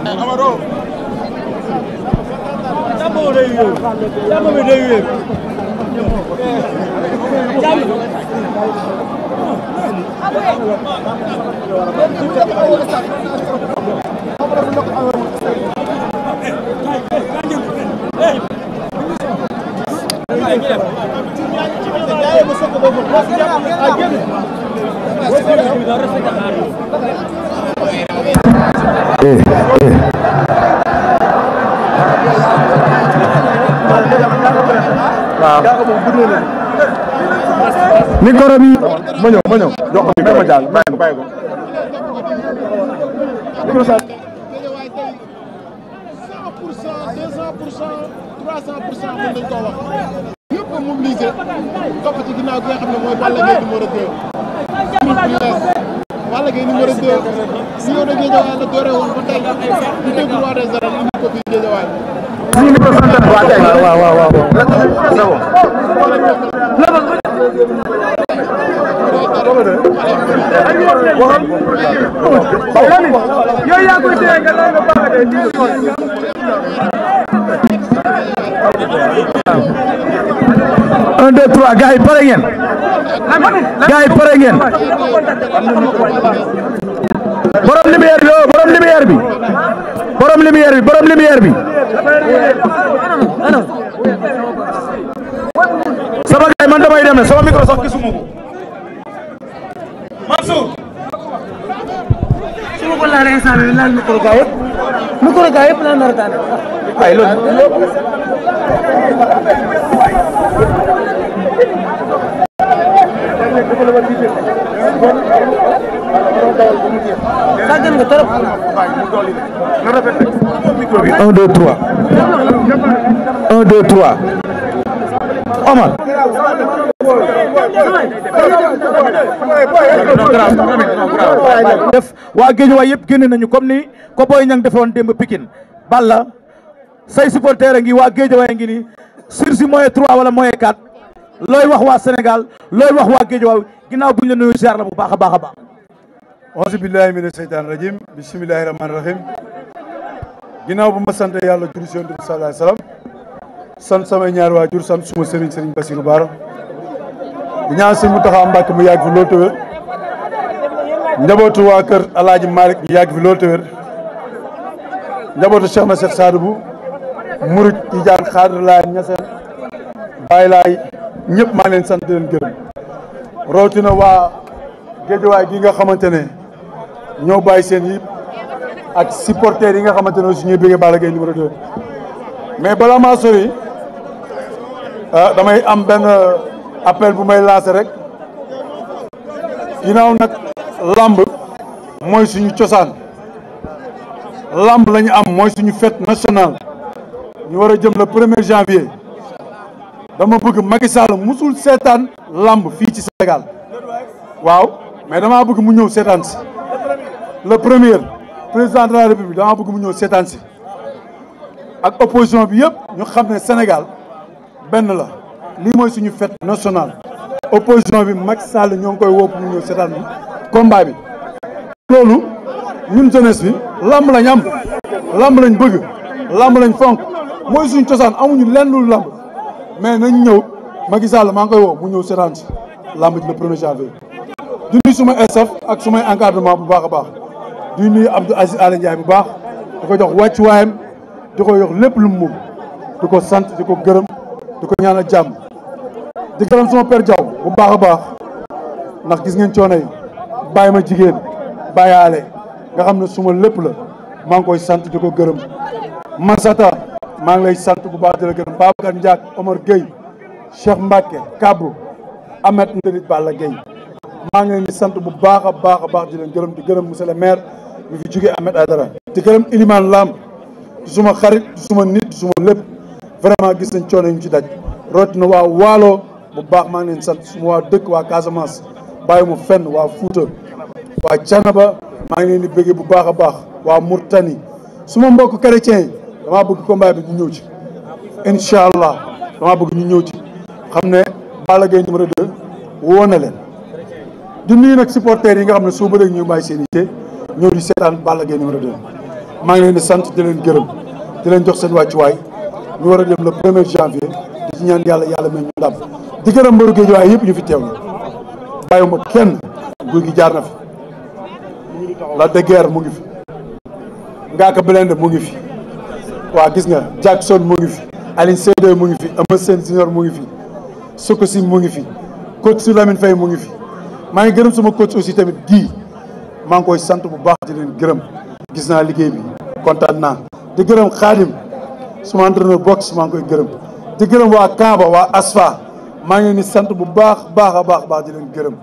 Amaro. waaw micro bi ma ñëw ma ñëw jox ko micro bi ma bàyyi ko bàyyi ko. micro saa. ñëpp a mobilisé topp ci ginnaaw gi nga xam ne mooy Balla Gaye numéro 2. Balla Gaye numéro 2 si yow da Guédiawaye la doore woon ba tey ñu déglu waa des arènes indi ko fii Guédiawaye. waaw waaw waaw. yow yaa koy téye nga lay nga baax de dix un deux trois gars yi pare ngeen gars yi pare ngeen borom lumière bi oh borom lumière bi bi borom lumière bi sama gars yi man damay taanal micro gaa yëpp micro gaa yëpp laa un deux trois. un deux trois. Omar. def waa Guédiawaye yëpp génn nañu comme ni ko Boy Niang defoon démb pikin Balla say supporter a ngi waa Guédiawaye ngi nii sur si moyen trois wala moyen quatre looy wax waa Sénégal looy wax waa Guédiawaye ginnaaw buñ la nuyu ziar la bu baax a baax a baax auzu billahi mina seytaan rajim bismillahi rahmaani rahim ginnaaw bu ma sant yàlla jur si yonent bi sallallahu ñaar waa sallam sant samay ñaari waajur sant suma sëriñ sëriñ Basiru Baara di ñaan suñu Mountakha Mbacké mu yàgg fi loolu te njabootu waa kër Alaaji yàgg loolu te njabootu Cheikh na Cheikh Sadou bu Murid Tijaan Xaadir Laay Ñaseen Baay Laay ñëpp maa leen sant leen gërëm rawatina waa Géejawaay gi nga xamante ne ñoo bàyyi seen yëpp ak supporters yi nga xamante ne aussi ñuy bëggee Balla Gaye numéro mais bala maa sori ah, damay am benn appel bu may lancé rek ginnaaw nag làmb mooy suñu cosaan lamb lañu am mooy suñu fête nationale ñu war a jëm le premier janvier dama bëgg Macky Sall musul seetaan làmb fii ci Sénégal waaw mais dama bëgg mu ñëw seetaan si le premier président de la république damaa bëgg mu ñëw seetaan si ak opposition bi yëpp ñu xam ne Sénégal benn la lii mooy suñu fête national opposition bi Macky Sall ñoo ngi koy woo pour ñu ñëw seetaan bi combat bi loolu ñun jeunesse bi lamb lañ am lamb lañ bëgg lamb lañ fonk mooy suñu cosaan amuñu lenn lu lamb mais nañ ñëw Macky Sall maa ngi koy woo mu ñëw seetaan si lamb ji le premier janvier di nuyu sumay staff ak sumay encadrement bu baax a baax di nuyu Abdou Aziz Alé Ndiaye bu baax di ko jox wàccuwaayam di ko jox lépp lu mu moom di ko sant di ko gërëm di ko ñaanal jàmm di gërëm sama père Diaw bu baax a baax ndax gis ngeen coono yi bàyyi ma jigéen bàyyaale nga xam ne suma lépp la maa ngi koy sant di ko gërëm Masata maa ngi lay sant bu baax di la gërëm Babacar Ndiak Omar Gueye Cheikh Mbacke Kabou Ahmed Ndérit Balla Gueye maa ngi leen sant bu baax a baax a baax di leen gërëm di gërëm monsieur le maire mi fi jógee Ahmed Aidara di gërëm Ilimane Lam di suma xarit di suma nit di suma lépp vraiment gis nañ coono yi ñu ci daj root na waa Waalo bu baax maa ngi leen sant suma waa dëkk waa Casamance bàyyi ma fenn waa Fuuta waa Canaba maa ngi leen di bëggee bu baax a baax waa Murtani suma mbokk chrétien yi damaa bëgg combat bi ñu ñëw ci incha allah damaa bëgg ñu ñëw ci xam ne Balla Gaye numéro 2 woo na leen di nuyu nag supporters yi nga xam ne soo bëreeg ñuy bàyyi seen yitte ñëw di seetaan Balla Gaye numéro 2 maa ngi leen di sant di gërëm di leen jox seen wàccuwaay ñu war a la le premier janvier ci ñaan yàlla yàlla may ñu ndam di gërëm mbaru géej waaye yëpp ñu fi teew na bàyyiwuma kenn guy gi jaar na fi la de mu ngi fi Ngaaka Blindé mu ngi fi waa gis nga Jackson mu ngi fi Aline Seydou mu ngi fi Eumeu Sène Junior mu ngi fi Sokosi mu ngi fi kot su Lamine Faye mu ngi fi maa ngi gërëm suma coach aussi tamit gii maa ngi koy sant bu baax di gërëm gis naa liggéey bi kontaan naa di gërëm Xaadim suma entraîneur boxe maa ngi koy gërëm di gërëm waa Kaaba waa Asfa maa ngi ni sant bu baax baax a baax baax di leen gërëm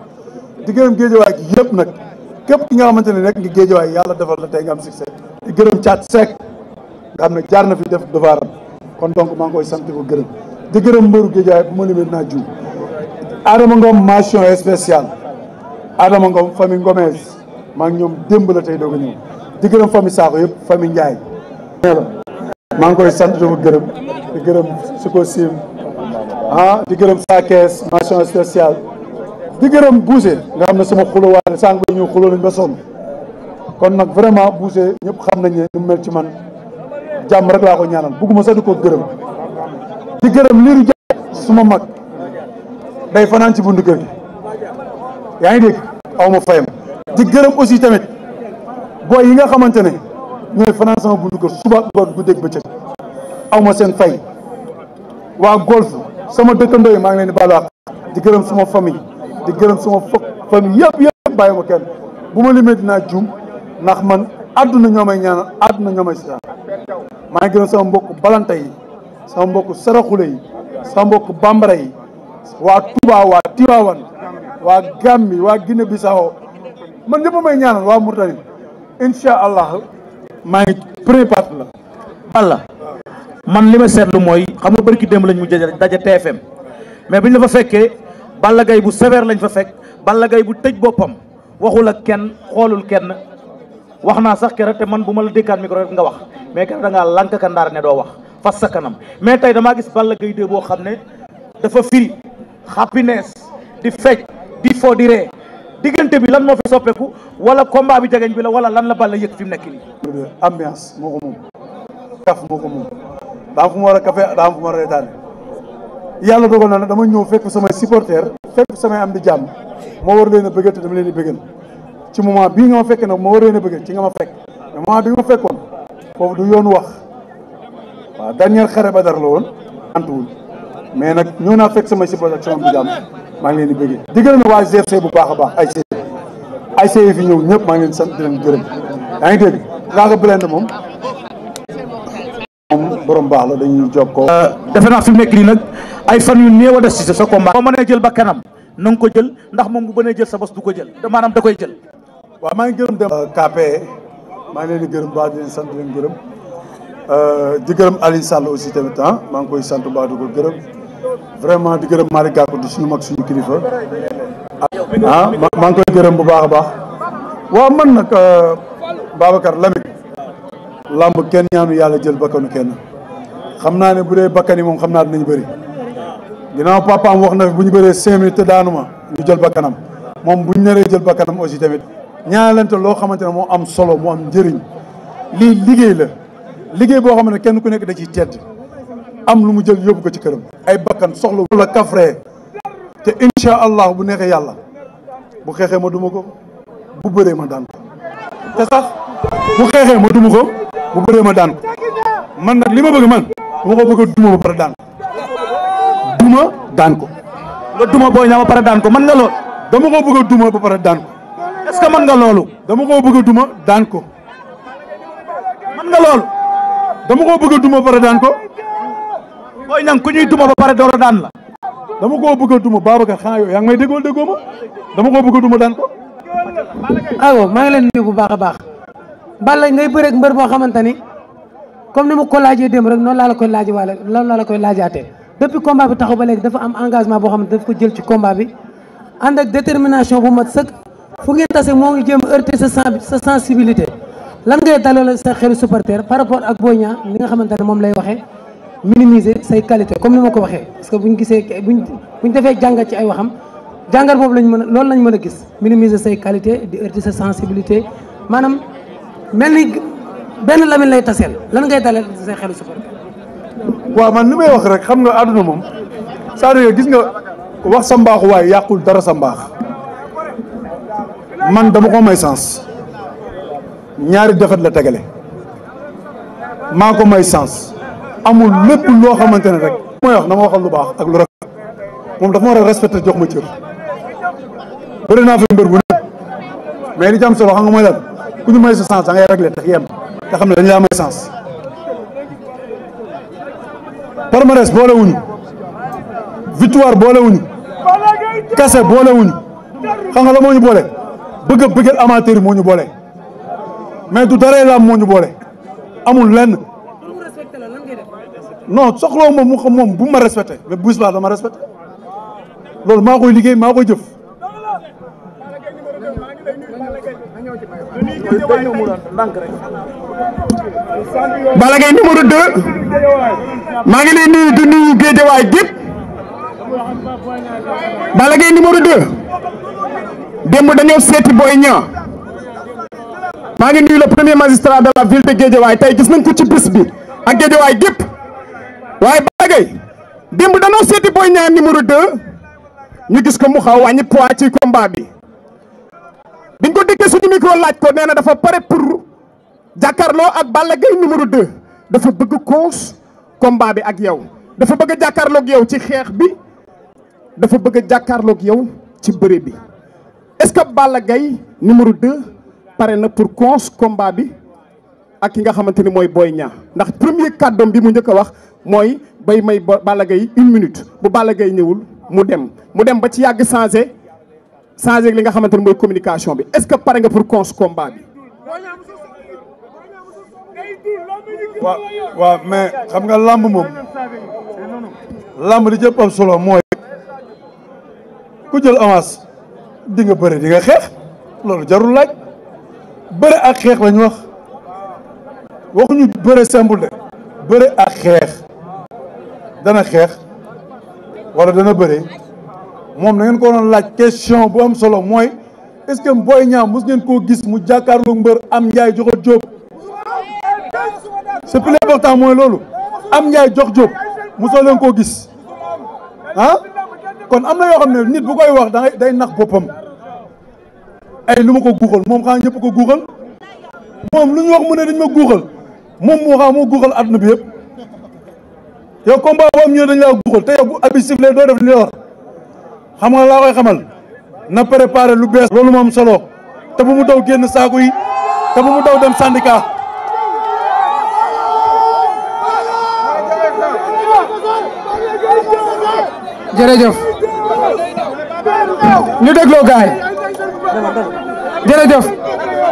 di gërëm géejawaay gi yëpp nag képp ki nga xamante ne rek ngi géejawaay yàlla defar la tey nga am succès di gërëm caat Seck nga xam ne jaar na fi def devoiram kon donc maa ngi koy sant ko gërëm di gërëm mbëru géejawaay bu ma naa juum Adama Ngom mention spéciale Adama Ngom famille Ngomès maa ngi ñoom démb la tey doog a ñëw di gërëm famille Sakho yëpp famille Ndiaye maa ngi koy sant di gërëm di gërëm su ko siim ah di gërëm sa kees mention spéciale di gërëm Bousse nga xam ne sama xulo waa ne sànq ba ñu xulo lañ ba sonn kon nag vraiment Bousse ñëpp xam nañ ne mu mel ci man jàmm rek laa ko ñaanal bugguma sax di ko gërëm di gërëm liiru jàmm suma mag day fanaan ci buntu kër yaa ngi dégg aw ma fayam di gërëm aussi tamit booy yi nga xamante ne ñooy fanaan sama buntu kër suba ngoon guddeeg bëccëg aw ma seen fay waa golf sama dëkkandoo maa ngi leen di baalu di gërëm sama famille di gërëm sama fokk famille yëpp yëpp bàyyi ma kenn bu ma limee dinaa juum ndax man àdduna ñoo may ñaanal àdduna ñoo may sitaan maa ngi gërëm sama mbokk balanta yi sama mbokk saraxule yi sama mbokk bambara yi waa Touba waa Tiwaawan waa Gàmbi waa Guinée Bissau man ñëpp may ñaanal waa Mauritanie incha allah maa ngi premier parti la. Balla man li ma seetlu mooy xam nga barki dem lañ mu jëjëf daje TFM mais biñ la fa fekkee Balla Gaye bu sévère lañ fa fekk Balla gay bu tëj boppam waxul ak kenn xoolul kenn wax naa sax keroog te man bu ma la dékkaat micro nga wax mais keroog da ngaa lank ka ndaar ne doo wax fas sa kanam mais tey damaa gis Balla gay 2 boo xam ne dafa firi happiness di fecc di fo di ree diggante bi lan moo fi soppeeku wala combat bi jegeñ bi la wala lan la Balla yëg fi nekk nii. ambiance moo ko moom kaf moo ko moom daa am fu mu war a am fu mu war a reetaan yàlla na dama ñëw fekk samay supporters fekk samay am di jàmm moo war leen a bëggal te dama leen di bëggal ci moment bii nga ma fekk nag moo war leen bëggee bëggal ci nga ma fekk mais moment bi nga ma fekkoon foofu du yoon wax waaw dernier xare Badar la woon antuwul mais nag ñëw naa fekk samay supporters ak sama am di jàmm maa ngi leen di bëggee di gërëm waa GFC bu baax a baax ay see ay see fi ñëw ñëpp maa ngi leen di sant di gërëm yaa ngi dégg ngaa ko blende moom borom baax la dañuy jokkoo euh, defe naa fi mu nekk nii nag ay fan yu néew a si ci sa combat boo mënee jël ba kanam na ko jël ndax moom bu mënee jël sa bos du ko jël te maanaam da koy jël waaw maa ngi gërëm dem euh, KPE maa ngi leen di gërëm baax di leen sant di gërëm euh, di gërëm Aliou Sall aussi tamit ah maa ngi koy sant baax di ko vraiment di gërëm Malick Gakou di suñu mag suñu kilifa ah maa ngi koy bu baax a baax waa man nag euh, Babacar Lamine lamb kenn ñaanu yàlla jël bakkanu kenn xam naa ne bu dee bakkan yi moom xam naa dinañ bëri ginnaaw papaam wax na bu ñu bëree cinq minutes te daanuma ñu jël bakkanam moom bu ñu jël bakkanam aussi tamit ñaan ñaanalante loo xamante ne moo am solo moo am njëriñ li liggéey la liggéey boo xam ne kenn ku nekk da ciy tedd am lu mu jël yóbbu ko ci këram ay bakkan soxla la kafree te incha allah bu neexee yàlla bu xeexee ma duma ko bu bëree ma daan ko te sax bu xeexee ma duma ko bu bëree ma daan ko man nag li ma bëgg man ko bëgg a duma ba duma daan ko nga duma booy ñaa pare daan ko man nga lool dama ko bëgg a duma ba pare daan ko est-ce que man nga loolu dama koo bëgg a duma daan ko man nga loolu dama koo bëgg a duma ba pare daan ko booy ñang ku ñuy duma ba pare doora daan la dama koo bëgg a duma Babacar xanaa yow yaa ngi may déggoo déggoo ma dama koo bëgg a duma daan ko awo maa ngi leen nuyu bu baax a baax Balla ngay bëreeg mbër boo xamante ni comme ni ma ko laajee démb rek noonu laa la koy laaj waale loolu laa la koy laajaatee depuis combat bi taxaw ba léegi dafa am engagement boo xamante daf ko jël ci combat bi ànd ak détermination bu mat sëkk fu ngeen tase moo ngi jéem a heurter sa sa sensibilité lan ngay daloo la sa xelu supporter par rapport ak Boy Niang li nga xamante ne moom lay waxee minimiser say qualité comme ni ma ko waxee parce que buñ gisee buñ buñ defee jàngat ci ay waxam jàngat boobu lañ mën a loolu lañu mën a gis minimiser say qualité di heurter sa sensibilité maanaam mel ni benn Lamine lay taseel lan ngay dalal say xelu supporter. waaw man li may wax rek xam nga àdduna moom cest à gis nga wax sa mbaaxu waaye yàqul dara sa mbaax man dama ko may sens ñaari defet la tegale maa ko may sens. amul lépp loo xamante ne rek mooy wax na ma waxal lu baax ak lu rafet moom dafa ma war a jox ma cër bëri naa fi mbër bu ne mais li jam solo xam nga mooy lan ku ñu may sa sens da ngay réglé tax yem te xam ne dañ laa may sens palmarès boole wuñu victoire boole wuñu kase boole wuñu xam nga la moo ñu boole bëgg a bëggal amateur moo ñu boole mais du daree laam moo ñu boole amul lenn non soxloo moom mu xam moom bu ma respecté mais bu subaa dama loolu maa koy liggéey maa koy jëf. Balla Gaye numéro 2 maa ngi lay nuyu di nuyu géejawaay gépp Balla Gaye numéro 2 démb dañoo seeti Boy Niang maa ngi nuyu le premier magistrat de la ville de Guédiawaye tey gis nañ ko ci bés bi ak Guédiawaay gépp waaye Balla Gaye démb danoo seeti Boy Niang numéro 2 ñu gis ko mu xaw wàññi poids ci combat bi biñ ko déggee suñu micro laaj ko nee na dafa pare pour jàkkaarloo ak Balla Gaye numéro 2 dafa bëgg koos combat bi ak yow dafa bëgg a jàkkaarloog yow ci xeex bi dafa bëgg a jàkkaarloog yow ci bëre bi est-ce que numéro 2 pare na pour koos combat bi. ak ki nga xamante ni mooy booy Niang ndax premier kàddoom bi mu njëkk a wax mooy bay may Balla Gaye une minute bu Balla Gaye ñëwul mu dem mu dem ba ci yàgg changé changé li nga xamante ni mooy communication bi est-ce que pare nga pour cons combat bi. waaw mais xam nga làmb moom làmb di jëpp am solo mooy. ku jël avance di nga bëre di nga xeex loolu jarul laaj bëre ak xeex lañ wax. waxuñu bëre simple de bëre ak xeex dana xeex wala dana bëre moom na ngeen ko laaj question bu am solo mooy est-ce que Boy Niang mos ngeen koo gis mu jàkkaarloo mbër am njaay jox jóob c'est plus mooy loolu am njaay jox jóob mosoo leen koo gis ah kon am na yoo xam ne nit bu koy wax da day nax boppam ay lu ma ko guuxal moom xanaa ñëpp ko guuxal moom lu ñu wax mën ne dañ ma guuxal moom moo xam moo guuxal àdduna bi yëpp yow combat boo am ñëw dañ laa guuxal te yow bu abi siflee doo def li xam nga laa koy xamal na préparé lu bees loolu moom solo te bu mu daw génn saako yi te bu mu daw dem syndicat jërëjëf ñu degloo gaay jërëjëf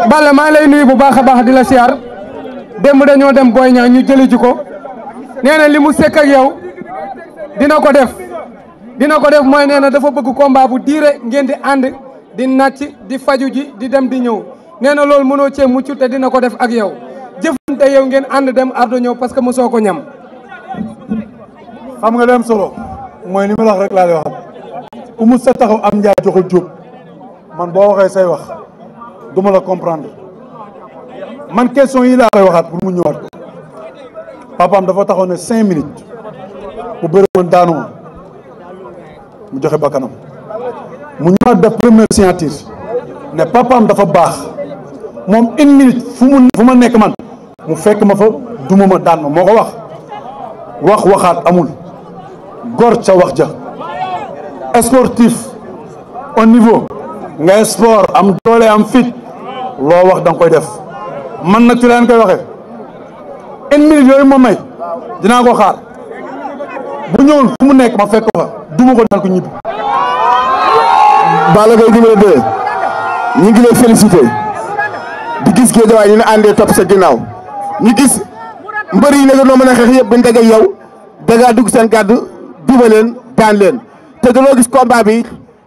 Balla maa ngi lay nuyu bu baax a baax di la siyaar démb dañoo dem Boy Niang ñu jëli ji ko nee na li mu sekk ak yow dina ko def dina ko def mooy nee na dafa bëgg combat bu diire ngeen di ànd di nàcc di faju ji di dem di ñëw nee na loolu mënoo cee mucc te dina ko def ak yow jëfante yow ngeen ànd dem ardo ñëw parce que mosoo ko ñam. xam nga dem solo mooy li ma rek laa lay wax ku mu sa taxaw am njaay joxul jóob man boo waxee say wax du duma la comprendre. man question yi laa koy waxaat pour mu ñëwaat ko papaam dafa taxaw ne cinq minutes bu bëri woon daanu mu joxe bakkanam mu ñëwaat def première signature ne papaam dafa baax moom une minute fu ma nekk man mu fekk ma fa duma ma daan ma moo ko wax wax waxaat amul gor ca wax ja sportif au niveau nga sport am doole am fit loo wax danga koy def man na ci leen koy waxee une minute yooyu ma may dinaa ko xaar bu ñëwoon fu mu nekk ma fekk fa duma ko dal ko ñibbi. Balla Gaye numéro 2 ñu ngi lay félicité di gis Guédiawaye ñu ne àndee topp sa ginnaaw ñu gis mbër yi ne dañoo mën a xeex yëpp buñ dajeeg yow da ngaa dugg seen gàddu duma leen daan leen te dañoo gis baa bi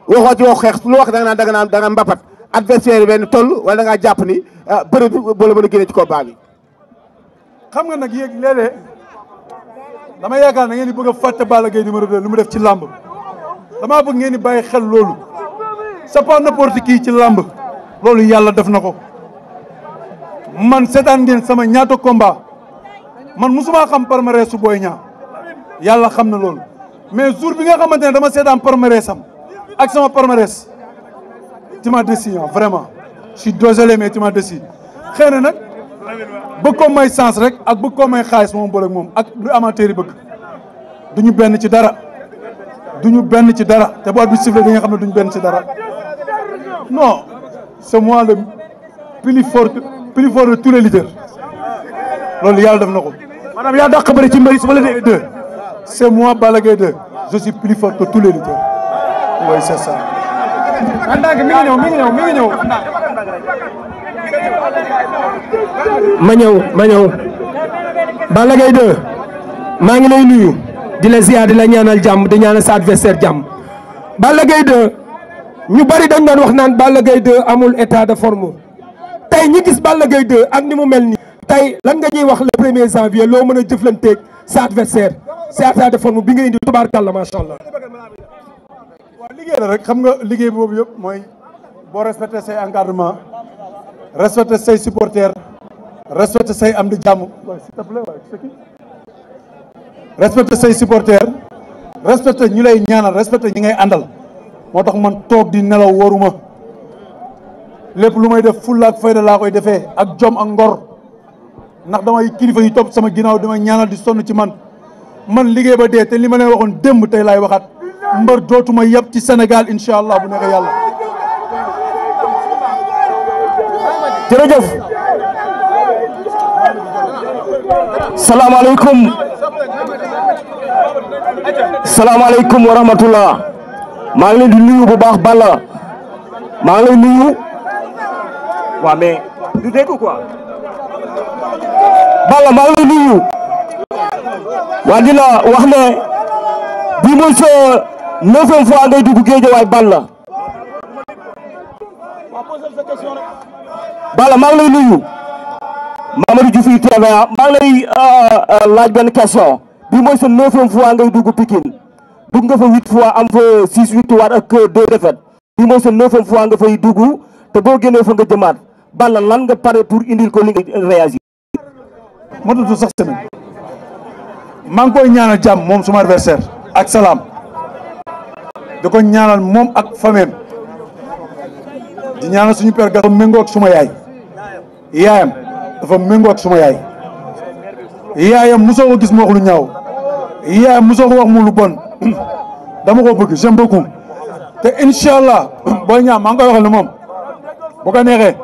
waxoo ci wax xeex lu wax da nga naan naan da nga adversaire yi benn toll walla da ngaa jàpp ni ah, bëri bi boo la mën a xam nga nag yéeg léeg dama yaakaar na ngeen di bëgg a fàtte Balla Gaye numéro 2 lu mu def ci làmb damaa bëgg ngeen di bàyyi xel loolu c'est pas n'importe qui ci làmb loolu yàlla def na ko man seetaan ngeen sama ñaata combat man musuma xam palmarès su Boy Niang yàlla xam na loolu mais jour bi nga xamante ne dama seetaan palmarès am ak sama palmarès. tu m'as déçu ah vraiment je suis désolé mais tu m'as déçu xëy na nag bëgg ko may sens rek ak bëgg ko may xaalis moom boole moom ak lu amateur yi bëgg duñu benn ci dara duñu benn ci dara te bu at bi sifflé di xam ne duñu benn ci dara non c'est moi le plus fort plus fort de tous les leaders loolu yàlla def na ko. maanaam yaa dàq bëri ci mbéy su ma la déggee deux c'est moi Balla Gaye 2 je suis plus fort que tous les leaders àndaange mi ngi ñëw mi ngi ñëw mi ngi ñëw. ma ñëw ma ñëw. Balla Gaye 2 maa ngi lay nuyu di la ziar di la ñaanal jàmm di ñaanal sa adversaire jàmm Balla Gaye 2 ñu bari dañ doon wax naan Balla Gaye 2 amul état de forme tey ñi gis Balla Gaye 2 ak ni mu mel nii. tey lan nga ñuy wax le premier janvier loo mën a jëflanteeg sa adversaire sa état de forme bi nga indi tubaarkàlla macha allah. waaw liggéey rek xam nga liggéey boobu yëpp mooy boo respecté say encadrement respecté say supporters respecté say am di jàmm waaw s'il te plaît ñu lay ñaanal respecté ñi ngay àndal moo tax man toog di nelaw waruma lépp lu may def fulla ak fayda laa koy defee ak jom ak ngor ndax damay kilifa yi topp sama ginnaaw damay ñaanal di sonn ci man man liggéey ba dee te li ma leen waxoon démb tey laay waxaat mbër dootuma yëpp ci Sénégal incha allah bu neexee yàlla. jërëjëf. salaamaaleykum. salaamaaleykum wa rahmatullah. maa ngi leen di nuyu bu baax Balla. maa ngi lay nuyu. waa mais du dégg quoi. Balla maa ngi lay nuyu. waa di la wax ne bii mooy sa. neuvième fois ngay dugg géejawaay Balla. Balla maa ngi lay nuyu. Mamadou Diouf yi TVA ah, maa ngi lay euh, euh, laaj benn question bi mooy sa neuvième fois ngay dugg Pikine dugg nga fa huit fois am fa six victoires ak euh, deux défaites bi mooy sa neuvième fois nga fay dugg te boo génnee fa nga jëmaat Balla lan nga pare pour indil ko li nga réagir. moo tax sax semaine maa ngi koy ñaanal jàmm moom suma adversaire ak salaam. da ko ñaanal moom ak fameem di ñaanal suñu père dafa méngoo ak suma yaay yaayam dafa méngoo ak suma yaay yaayam mosoo ko gis mu wax lu ñaaw yaayam mosoo ko wax mu lu bon dama ko bëgg j'aime beaucoup te incha allah booy ñaam maa ngi koy waxal ne moom bu ko neexee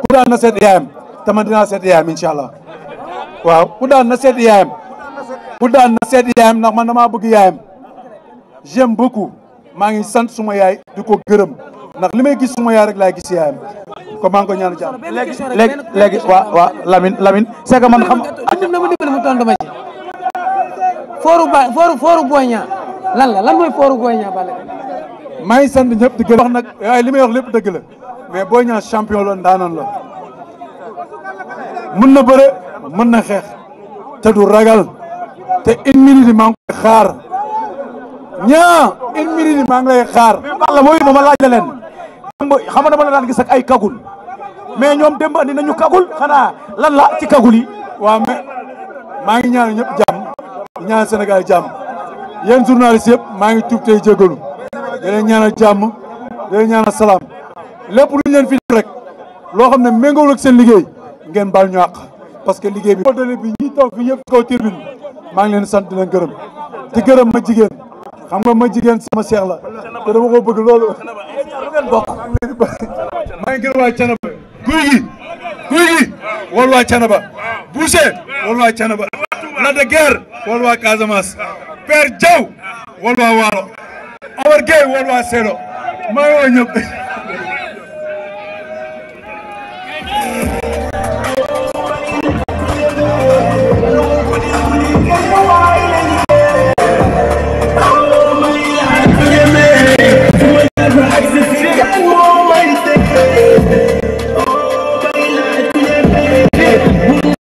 ku daan na seet yaayam te man dinaa seet yaayam incha allah waaw ku daan na seet yaayam ku daan na seet yaayam ndax man damaa bëgg yaayam j'aime beaucoup maa ngi sant suma yaay di ko gërëm ndax li may gis suma yaay rek laay gis yaayam ko maa ngi ko ñaanu jàmm léegi léegi léegi waa waa Lamine Lamine c'est que man xam andi na ma dimbali mu tontu ma ci fooru ba fooru fooru Boy lan la lan mooy fooru Boy Niang Balla maa ngi sant ñëpp di gërëm wax nag waaye li may wax lépp dëgg la mais booy Niang champion la ndaanan la mën na bëre mën na xeex te du ragal te une minute maa ngi xaar ñaa une minute maa ngi lay xaar Balla mooy ma ma laaj la leen xam na ma la daan gis ak ay kagul mais ñoom démb andi nañu kagul xanaa lan la ci kagul yi waaw maa ngi ñaan ñëpp jàmm ñaan Sénégal jàmm yéen journaliste yëpp maa ngi tuub tey jégalu da leen ñaanal jàmm da leen ñaanal salaam lépp leen fi rek loo xam ne méngoowul ak seen liggéey ngeen baal ñu àq parce que liggéey bi dale bi ñi toog fi ñëpp kaw tribune maa ngi leen sant di leen gërëm di gërëm ma jigéen xam nga ma jigéen sama seex la te dama bëgg loolu maa ngi gërëm Canaba guy gi guy gi Canaba Boucher wol waa Canaba Lac de Guiers wol waa Casamance Père Diaw Waalo Awar Gueye wol waa Seedo maa ngi woo